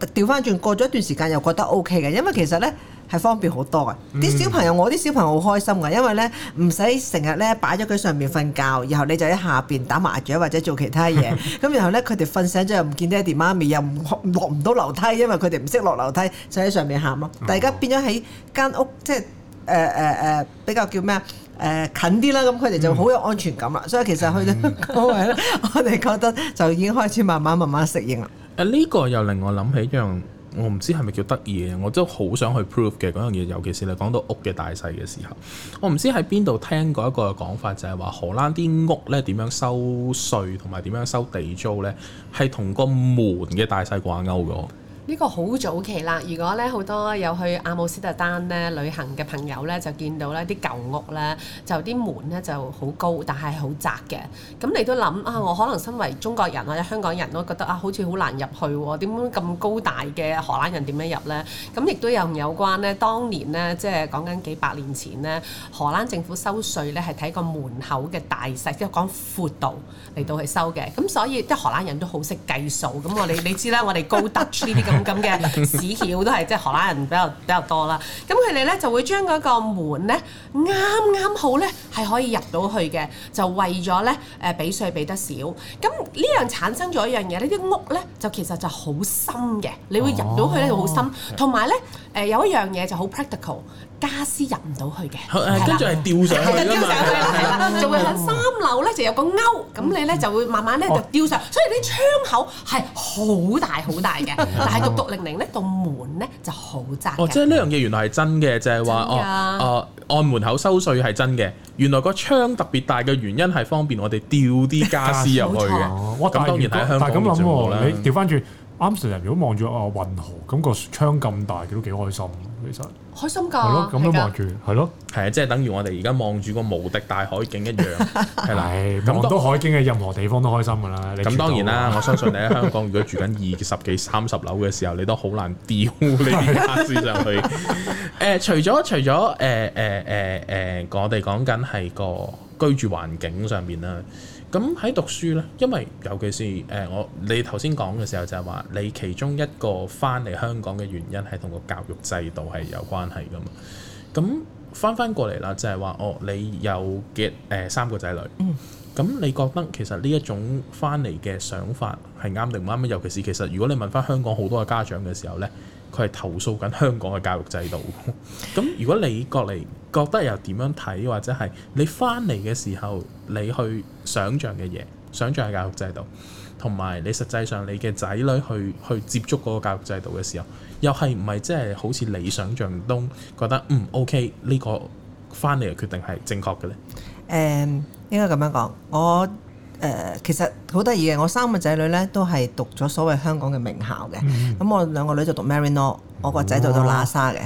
調翻轉過咗一段時間又覺得 O K 嘅，因為其實呢係方便好多嘅。啲、嗯、小朋友，我啲小朋友好開心嘅，因為呢唔使成日呢擺咗佢上面瞓覺，然後你就喺下邊打麻雀或者做其他嘢。咁 然後呢，佢哋瞓醒咗又唔見爹哋媽咪，又唔落唔到樓梯，因為佢哋唔識落樓梯，就喺上面喊咯。大家變咗喺間屋，即係誒誒誒比較叫咩啊？誒、呃、近啲啦，咁佢哋就好有安全感啦。嗯、所以其實去到嗰位，嗯、 我哋覺得就已經開始慢慢慢慢適應啦。呢個又令我諗起一樣，我唔知係咪叫得意嘅，我都好想去 prove 嘅嗰樣嘢。尤其是你講到屋嘅大細嘅時候，我唔知喺邊度聽過一個講法，就係話荷蘭啲屋咧點樣收稅同埋點樣收地租咧，係同個門嘅大細掛鈎嘅。呢個好早期啦！如果咧好多有去阿姆斯特丹咧旅行嘅朋友咧，就見到咧啲舊屋咧，就啲門咧就好高，但係好窄嘅。咁你都諗啊，我可能身為中國人或者香港人都覺得啊，好似好難入去喎、哦？點解咁高大嘅荷蘭人點樣入咧？咁亦都有有關咧，當年咧即係講緊幾百年前咧，荷蘭政府收稅咧係睇個門口嘅大細，即係講闊度嚟到去收嘅。咁所以啲荷蘭人都好識計數。咁我你你知啦，我哋高達呢啲咁。咁嘅市橋都係即係荷蘭人比較比較多啦，咁佢哋咧就會將嗰個門咧啱啱好咧係可以入到去嘅，就為咗咧誒俾稅俾得少，咁呢樣產生咗一樣嘢，呢啲屋咧就其實就好深嘅，你會入到去咧就好深，同埋咧誒有一樣嘢就好 practical。家私入唔到去嘅，跟住係吊上去㗎嘛，就會喺三樓咧就有個勾，咁你咧就會慢慢咧就吊上，所以啲窗口係好大好大嘅，但係獨獨零零咧棟門咧就好窄哦，即係呢樣嘢原來係真嘅，就係話哦，按門口收稅係真嘅。原來個窗特別大嘅原因係方便我哋吊啲家私入去嘅。咁當然喺香港嘅情況咧，吊翻轉。啱成日如果望住啊運河，咁、個窗咁大，佢都幾開心。其實開心㗎，咁樣望住，係咯，係啊，即係等於我哋而家望住個無敵大海景一樣，係啦。 咁多海景喺任何地方都開心㗎啦。咁當然啦，我相信你喺香港，如果住緊二十幾、三十樓嘅時候， 你都好難丟呢啲傢俬上去。誒、 呃，除咗除咗誒誒誒誒，呃呃呃呃呃、我哋講緊係個居住環境上面啦。咁喺讀書呢，因為尤其是誒、呃、我你頭先講嘅時候就係話你其中一個翻嚟香港嘅原因係同個教育制度係有關係㗎嘛。咁翻翻過嚟啦，就係話哦，你有嘅誒三個仔女，咁、嗯、你覺得其實呢一種翻嚟嘅想法係啱定唔啱咧？尤其是其實如果你問翻香港好多嘅家長嘅時候呢，佢係投訴緊香港嘅教育制度。咁如果你過嚟覺得又點樣睇，或者係你翻嚟嘅時候，你去想像嘅嘢，想像嘅教育制度，同埋你實際上你嘅仔女去去接觸嗰個教育制度嘅時候，又係唔係即係好似你想像中覺得嗯 OK 呢個翻嚟嘅決定係正確嘅呢？誒、嗯，應該咁樣講我。誒、呃、其實好得意嘅，我三個仔女咧都係讀咗所謂香港嘅名校嘅。咁、嗯、我兩個女就讀 Marino、哦、我個仔就讀喇沙嘅。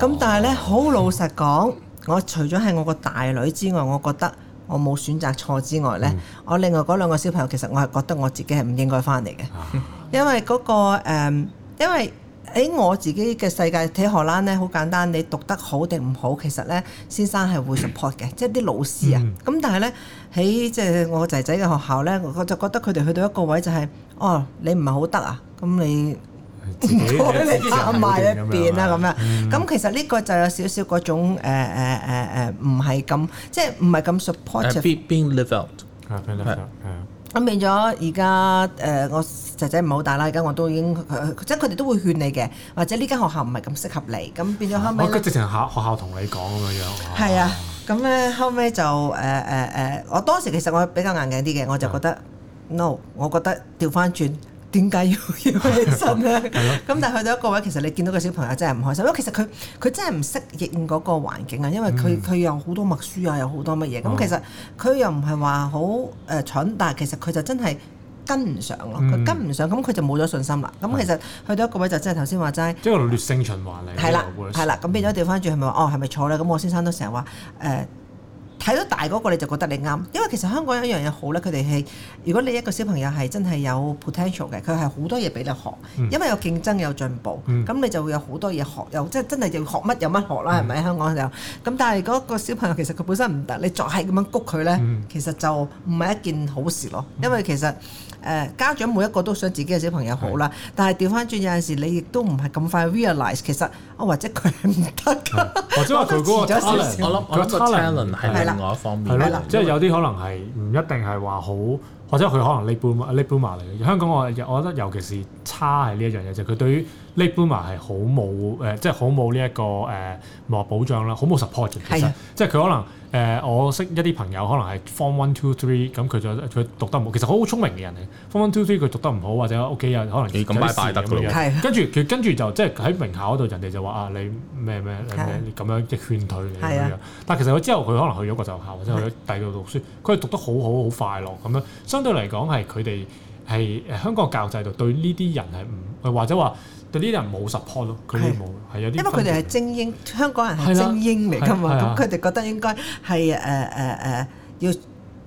咁、哦、但係呢，好老實講，我除咗係我個大女之外，我覺得我冇選擇錯之外呢，嗯、我另外嗰兩個小朋友其實我係覺得我自己係唔應該翻嚟嘅，因為嗰個因為喺我自己嘅世界睇荷蘭呢，好簡單，你讀得好定唔好，其實呢，先生係會 support 嘅，即係啲老師啊。咁、嗯、但係呢，喺即係我仔仔嘅學校咧，我就覺得佢哋去到一個位就係，哦，你唔係好得啊，咁你唔該你攬埋一邊啦咁樣。咁其實呢個就有少少嗰種誒誒誒唔係咁，即係唔係咁 support。邊邊 level？啊邊 level？啊！咁變咗而家誒，我仔仔唔係好大啦，而家我都已經，即係佢哋都會勸你嘅，或者呢間學校唔係咁適合你，咁變咗後尾，我直情校學校同你講咁樣。係啊。咁咧後尾就誒誒誒，我當時其實我比較硬頸啲嘅，我就覺得、嗯、no，我覺得調翻轉，點解要要開心咧？咁 了 但係去到一個位，其實你見到個小朋友真係唔開心，因為其實佢佢真係唔適應嗰個環境啊，因為佢佢、嗯、有好多默書啊，有好多乜嘢，咁其實佢又唔係話好誒蠢，但係其實佢就真係。跟唔上咯，佢跟唔上，咁佢、嗯、就冇咗信心啦。咁的其實去到一個位就真係頭先話齋，即係個劣性循環嚟，係啦、呃，係啦的，咁變咗掉返轉，係咪話哦係咪錯咧？咁我先生都成日話誒。呃睇到大嗰個你就覺得你啱，因為其實香港有一樣嘢好咧，佢哋係如果你一個小朋友係真係有 potential 嘅，佢係好多嘢俾你學，因為有競爭有進步，咁你就會有好多嘢學，又即係真係要學乜有乜學啦，係咪？香港又咁，但係嗰個小朋友其實佢本身唔得，你再係咁樣谷佢咧，其實就唔係一件好事咯。因為其實誒家長每一個都想自己嘅小朋友好啦，但係調翻轉有陣時你亦都唔係咁快 realize 其實或者佢係唔得嘅，或者話佢我諗我諗個另外一方面了，係啦了，即係有啲可能係唔、嗯、一定係話好。或者佢可能 late bloomer 嚟嘅。香港我我覺得尤其是差係呢一樣嘢，就係佢對於 late bloomer 係好冇誒，即係好冇呢一個誒物、嗯、保障啦，好冇 support 其實即係佢可能誒、呃，我識一啲朋友，可能係 form one two three，咁佢就佢讀得唔好，其實好聰明嘅人嚟。form one two three 佢讀得唔好，或者屋企人可能。咦？咁擺擺得跟住佢跟住就即係喺名校嗰度，人哋就話啊，你咩咩咁樣即係勸退你咁樣。但其實佢之後佢可能去咗國際校或者去咗第二度讀書，佢讀得好好，好快樂咁樣。相對嚟講，係佢哋係誒香港教育制度對呢啲人係唔或者話對呢啲人冇 support 咯，佢哋冇係有啲。因為佢哋係精英，香港人係精英嚟㗎嘛，咁佢哋覺得應該係誒誒誒要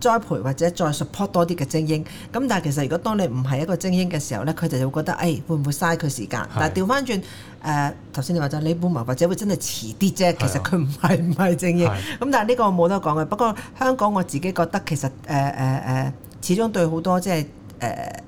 栽培或者再 support 多啲嘅精英。咁但係其實如果當你唔係一個精英嘅時候咧，佢哋就會覺得誒會唔會嘥佢時間？但係掉返轉誒頭先你話就李寶民或者會真係遲啲啫。其實佢唔係唔係精英咁，但係呢個我冇得講嘅。不過香港我自己覺得其實誒誒誒。始終對好多即係誒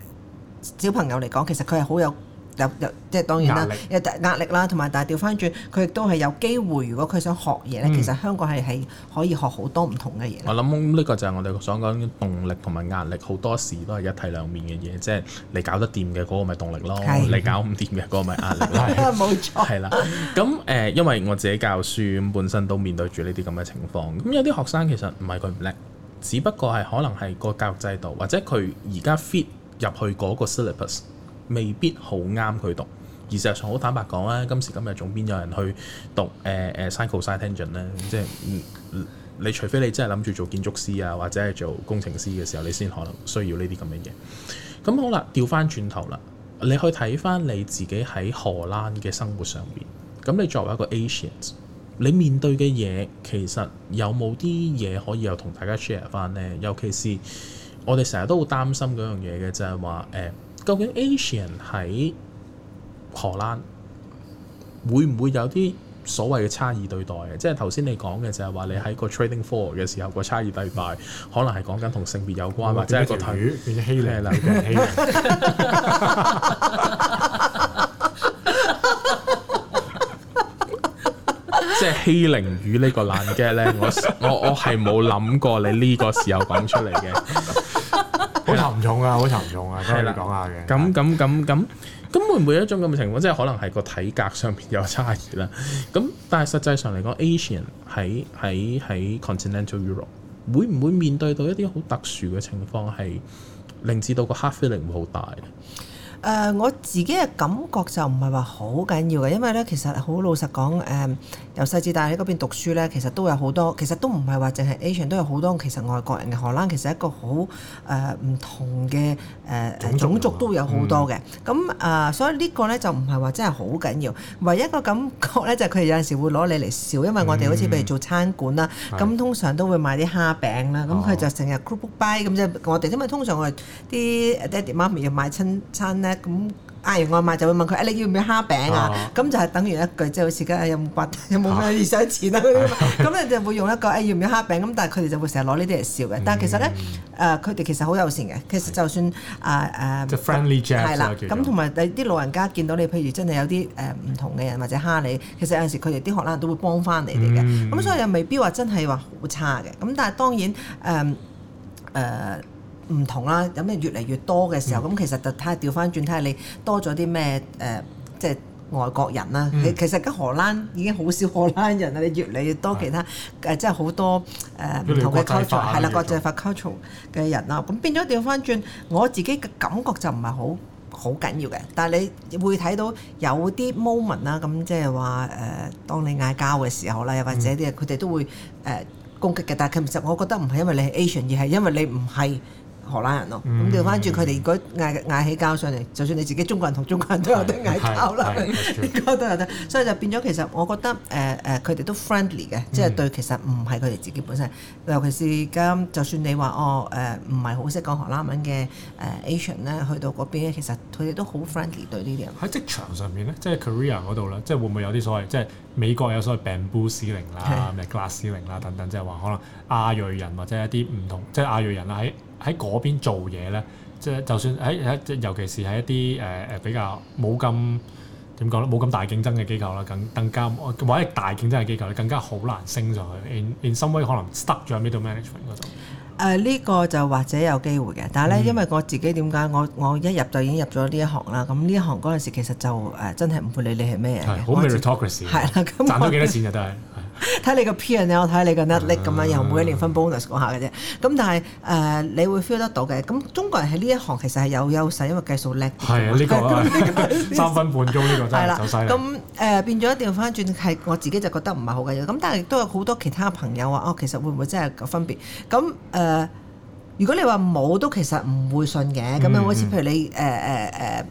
小朋友嚟講，其實佢係好有有有即係當然啦，有壓力啦，同埋但係調翻轉，佢亦都係有機會。如果佢想學嘢咧，嗯、其實香港係係可以學好多唔同嘅嘢。我諗呢個就係我哋想講動力同埋壓力，好多時都係一體兩面嘅嘢，即係你搞得掂嘅嗰個咪動力咯，係。你搞唔掂嘅嗰個咪壓力咯。冇錯。係啦，咁、呃、誒，因為我自己教書，本身都面對住呢啲咁嘅情況。咁有啲學生其實唔係佢唔叻。只不過係可能係個教育制度，或者佢而家 fit 入去嗰個 syllabus 未必好啱佢讀。而事實上好坦白講啊，今時今日仲邊有人去讀誒誒 psychological engineering 咧？即係、嗯、你除非你真係諗住做建築師啊，或者係做工程師嘅時候，你先可能需要呢啲咁嘅嘢。咁好啦，調翻轉頭啦，你去睇翻你自己喺荷蘭嘅生活上面。咁你作為一個 asians。你面對嘅嘢其實有冇啲嘢可以又同大家 share 翻呢？尤其是我哋成日都好擔心嗰樣嘢嘅，就係話誒，究竟 Asian 喺荷蘭會唔會有啲所謂嘅差異對待嘅？即係頭先你講嘅就係話你喺個 trading floor 嘅時候個差異對待，就是那個、可能係講緊同性別有關，或者係個腿變欺凌。 即係欺凌與呢個爛嘅咧，我我我係冇諗過你呢個時候講出嚟嘅，好 的沉重啊，好沉重啊，今日講下嘅。咁咁咁咁，咁會唔會有一種咁嘅情況？即係可能係個體格上面有差異啦。咁但係實際上嚟講，Asian 喺喺喺 Continental Europe 會唔會面對到一啲好特殊嘅情況，係令至到個 heart feeling 會好大？誒、呃、我自己嘅感覺就唔係話好緊要嘅，因為咧其實好老實講，誒由細至大喺嗰邊讀書咧，其實都有好多，其實都唔係話淨係 Asian，都有好多其實外國人嘅。荷蘭其實一個好誒唔同嘅誒、呃、種族都有好多嘅。咁誒、嗯呃、所以個呢個咧就唔係話真係好緊要。唯一,一個感覺咧就係、是、佢有陣時會攞你嚟笑，因為我哋好似譬如做餐館啦，咁、嗯、通常都會賣啲蝦餅啦，咁佢的就成日 group buy 咁即係我哋，因為通常我哋啲爹哋媽咪要買親餐咧。咁嗌完外賣就會問佢誒你要唔要蝦餅啊？咁就係等於一句，即係好似而家有冇骨、有冇咩想錢啊嗰啲嘛。咁你就會用一個誒要唔要蝦餅？咁但係佢哋就會成日攞呢啲嚟笑嘅。但係其實咧誒，佢哋其實好友善嘅。其實就算誒誒 friend 係啦。咁同埋啲老人家見到你，譬如真係有啲誒唔同嘅人或者蝦你，其實有陣時佢哋啲學啦都會幫翻你哋嘅。咁所以又未必話真係話好差嘅。咁但係當然誒誒。唔同啦，咁咧越嚟越多嘅時候，咁、嗯、其實就睇下調翻轉睇下你多咗啲咩誒，即係外國人啦。嗯、其實而家荷蘭已經好少荷蘭人，你越嚟越多其他誒，即係好多誒唔同嘅 culture，係啦，國際化 culture 嘅了人啦。咁錯變咗調翻轉，我自己嘅感覺就唔係好好緊要嘅。但係你會睇到有啲 moment 啦，咁即係話誒，當你嗌交嘅時候啦，又或者啲人佢哋都會誒、呃呃、攻擊嘅。但係其實我覺得唔係因為你係 Asian，而係因為你唔係，荷蘭人咯，咁調翻轉佢哋如果嗌嗌起交上嚟，就算你自己中國人同中國人都有、嗯、 得嗌交啦，嗯、所以就變咗其實我覺得誒誒佢哋都 friendly 嘅，嗯、即係對其實唔係佢哋自己本身，尤其是而家。就算你話哦誒唔係好識講荷蘭文嘅誒 Asian 咧，去到嗰邊咧，其實佢哋都好 friendly 對呢啲人。喺職場上面，咧，即係 career 嗰度咧，即係會唔會有啲所謂即係美國有所謂 bamboo ceiling 啦、嗯、glass ceiling、啊、ceiling 啦等等，即係話可能亞裔人或者一啲唔同即係亞裔人啦喺。喺嗰邊做嘢咧，即係就算喺即尤其是喺一啲誒誒比較冇咁點講咧，冇咁大競爭嘅機構啦，更更加或者大競爭嘅機構，你更加好難升上去。In in some way 可能 stuck 咗喺 middle management 嗰度。誒呢個就或者有機會嘅，但係咧，嗯、因為我自己點解我我一入就已經入咗呢一行啦。咁呢一行嗰陣時其實就誒真係唔會理你係咩嘢好 m 啦，咁、啊、賺咗幾多錢就得。佬？ 睇你個 P&L，我睇你個 net 咁樣，又每一年分 bonus 講下嘅啫。咁但係誒、呃，你會 feel 得到嘅。咁中國人喺呢一行其實係有優勢，因為計數叻。係呢、呢個 三分半鐘呢個真係走曬。咁誒、呃、變咗調翻轉係我自己就覺得唔係好緊要。咁但係亦都有好多其他嘅朋友話：哦，其實會唔會真係有分別？咁誒、呃，如果你話冇都其實唔會信嘅。咁樣好似譬如你誒誒誒。嗯嗯呃呃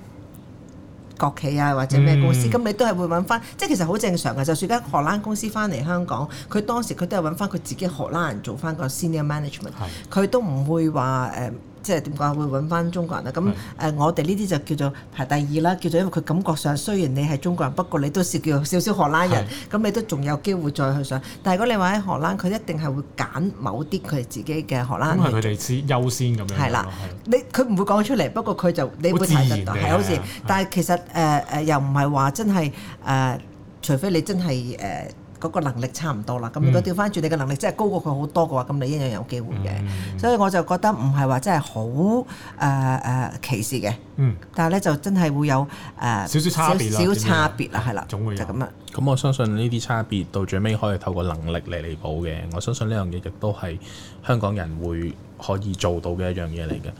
國企啊，或者咩公司，咁、嗯、你都係會揾翻，即係其實好正常嘅。就算間荷蘭公司翻嚟香港，佢當時佢都係揾翻佢自己荷蘭人做翻個 Senior Management，佢是的 都唔會話誒。呃即係點講？會揾翻中國人啦。咁誒，我哋呢啲就叫做排第二啦。叫做因為佢感覺上，雖然你係中國人，不過你都係叫少少荷蘭人。咁你都仲有機會再去上。但係如果你話喺荷蘭，佢一定係會揀某啲佢自己嘅荷蘭人。咁係佢哋先優先咁樣。係啦，你佢唔會講出嚟。不過佢就你會睇得到係好似，但係其實誒誒、呃呃，又唔係話真係誒、呃，除非你真係誒。呃嗰個能力差唔多啦，咁如果調翻轉你嘅能力真係高過佢好多嘅話，咁你一樣有機會嘅。嗯、所以我就覺得唔係話真係好誒誒、呃呃、歧視嘅，嗯，但係咧就真係會有誒、呃、少少差別啦，少少差別啦，係啦，了總會有咁啊。咁我相信呢啲差別到最尾可以透過能力嚟彌補嘅。我相信呢樣嘢亦都係香港人會可以做到嘅一樣嘢嚟嘅。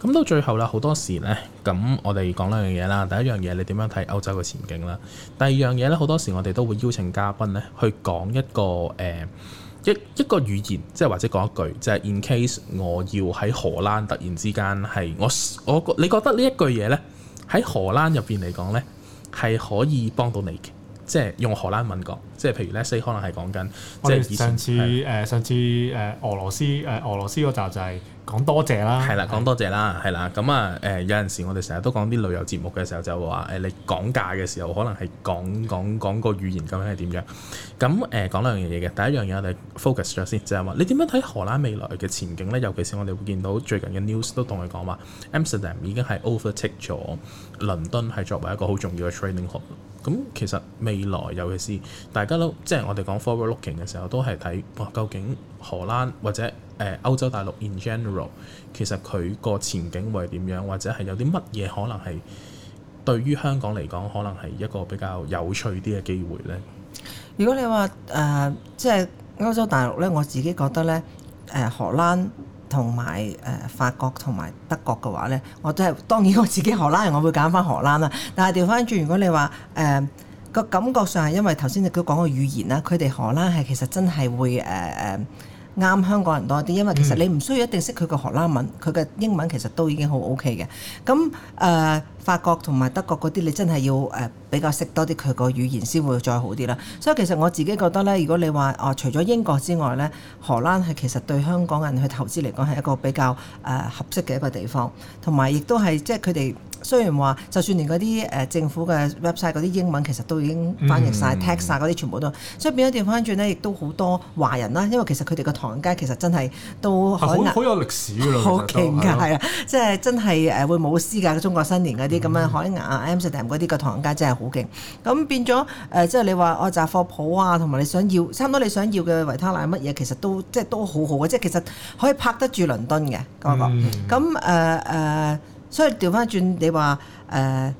咁到最後啦，好多時咧，咁我哋講兩樣嘢啦。第一樣嘢，你點樣睇歐洲嘅前景啦？第二樣嘢咧，好多時我哋都會邀請嘉賓咧去講一個誒、呃、一一個語言，即係或者講一句，即係 in case 我要喺荷蘭突然之間係我我覺你覺得呢一句嘢咧喺荷蘭入邊嚟講咧係可以幫到你嘅，即係用荷蘭文講，即係譬如 l 咧，say 可能係講緊。我哋上次誒、呃、上次誒俄羅斯誒、呃、俄羅斯嗰集就係、是。講多謝啦，係啦的，講多謝啦，係啦的，咁啊，誒、呃、有陣時我哋成日都講啲旅遊節目嘅時候就話，誒、呃、你講價嘅時候可能係講講講個語言究竟係點樣？咁誒、呃、講兩樣嘢嘅，第一 on，樣嘢我哋 focus 咗先，就係話你點樣睇荷蘭未來嘅前景咧？尤其是我哋會見到最近嘅 news 都同佢講話，Amsterdam 已經係 overtake 咗。倫敦係作為一個好重要嘅 training hub，咁其實未來尤其是大家都即係我哋講 forward looking 嘅時候，都係睇究竟荷蘭或者誒、呃、歐洲大陸 in general 其實佢個前景會係點樣，或者係有啲乜嘢可能係對於香港嚟講可能係一個比較有趣啲嘅機會呢？如果你話誒即係歐洲大陸咧，我自己覺得咧誒、呃、荷蘭。同埋誒法國同埋德國嘅話咧，我都係當然我自己荷蘭人，我會揀翻荷蘭啦。但係調翻轉，如果你話誒個感覺上係因為頭先你講嘅語言啦，佢哋荷蘭係其實真係會誒誒啱香港人多啲，因為其實你唔需要一定識佢個荷蘭文，佢嘅英文其實都已經好 OK 嘅。咁誒、呃、法國同埋德國嗰啲，你真係要誒。呃比較識多啲佢個語言先會再好啲啦，所以其實我自己覺得咧，如果你話啊除咗英國之外咧，荷蘭係其實對香港人去投資嚟講係一個比較誒、呃、合適嘅一個地方，同埋亦都係即係佢哋雖然話就算連嗰啲誒政府嘅 website 嗰啲英文其實都已經翻譯晒、嗯、text 曬嗰啲全部都，所以變咗調翻轉咧，亦都好多華人啦，因為其實佢哋個唐人街其實真係都好有歷史㗎啦，好境界啊，即係真係誒會舞獅㗎，真真中國新年嗰啲咁樣，海牙 Amsterdam 嗰啲個唐人街真係～好勁，咁變咗誒，即、呃、係、就是、你話愛雜貨鋪啊，同埋你想要差唔多你想要嘅維他奶乜嘢，其實都即係都好好嘅，即係其實可以拍得住倫敦嘅嗰個。咁誒誒，所以調翻轉你話誒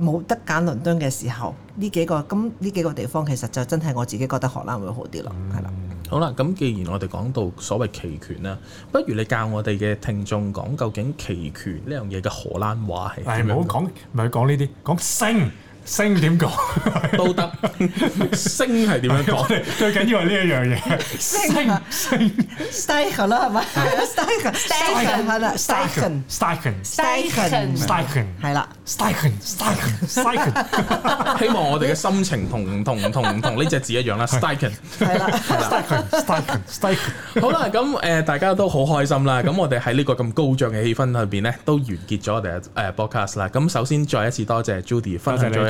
冇得揀倫敦嘅時候，呢幾個咁呢幾個地方其實就真係我自己覺得荷蘭會好啲咯，係、嗯、啦。好啦，咁既然我哋講到所謂期權啦，不如你教我哋嘅聽眾講究竟期權呢樣嘢嘅荷蘭話係點？唔好講，唔係講呢啲，講升。星點講都得，星係點樣講咧？最緊要係呢一樣嘢，星星，stake 啦係嘛？stake stake 係啦，stake stake stake stake 係啦，stake stake stake。希望我哋嘅心情，同同同同呢隻字一樣啦，stake 係啦，係啦，stake stake stake。好啦，咁誒，大家都好開心啦，咁我哋喺呢個咁高漲嘅氣氛裏邊咧，都完結咗我哋嘅誒 podcast 啦。咁首先再一次多謝 Judy 分享最。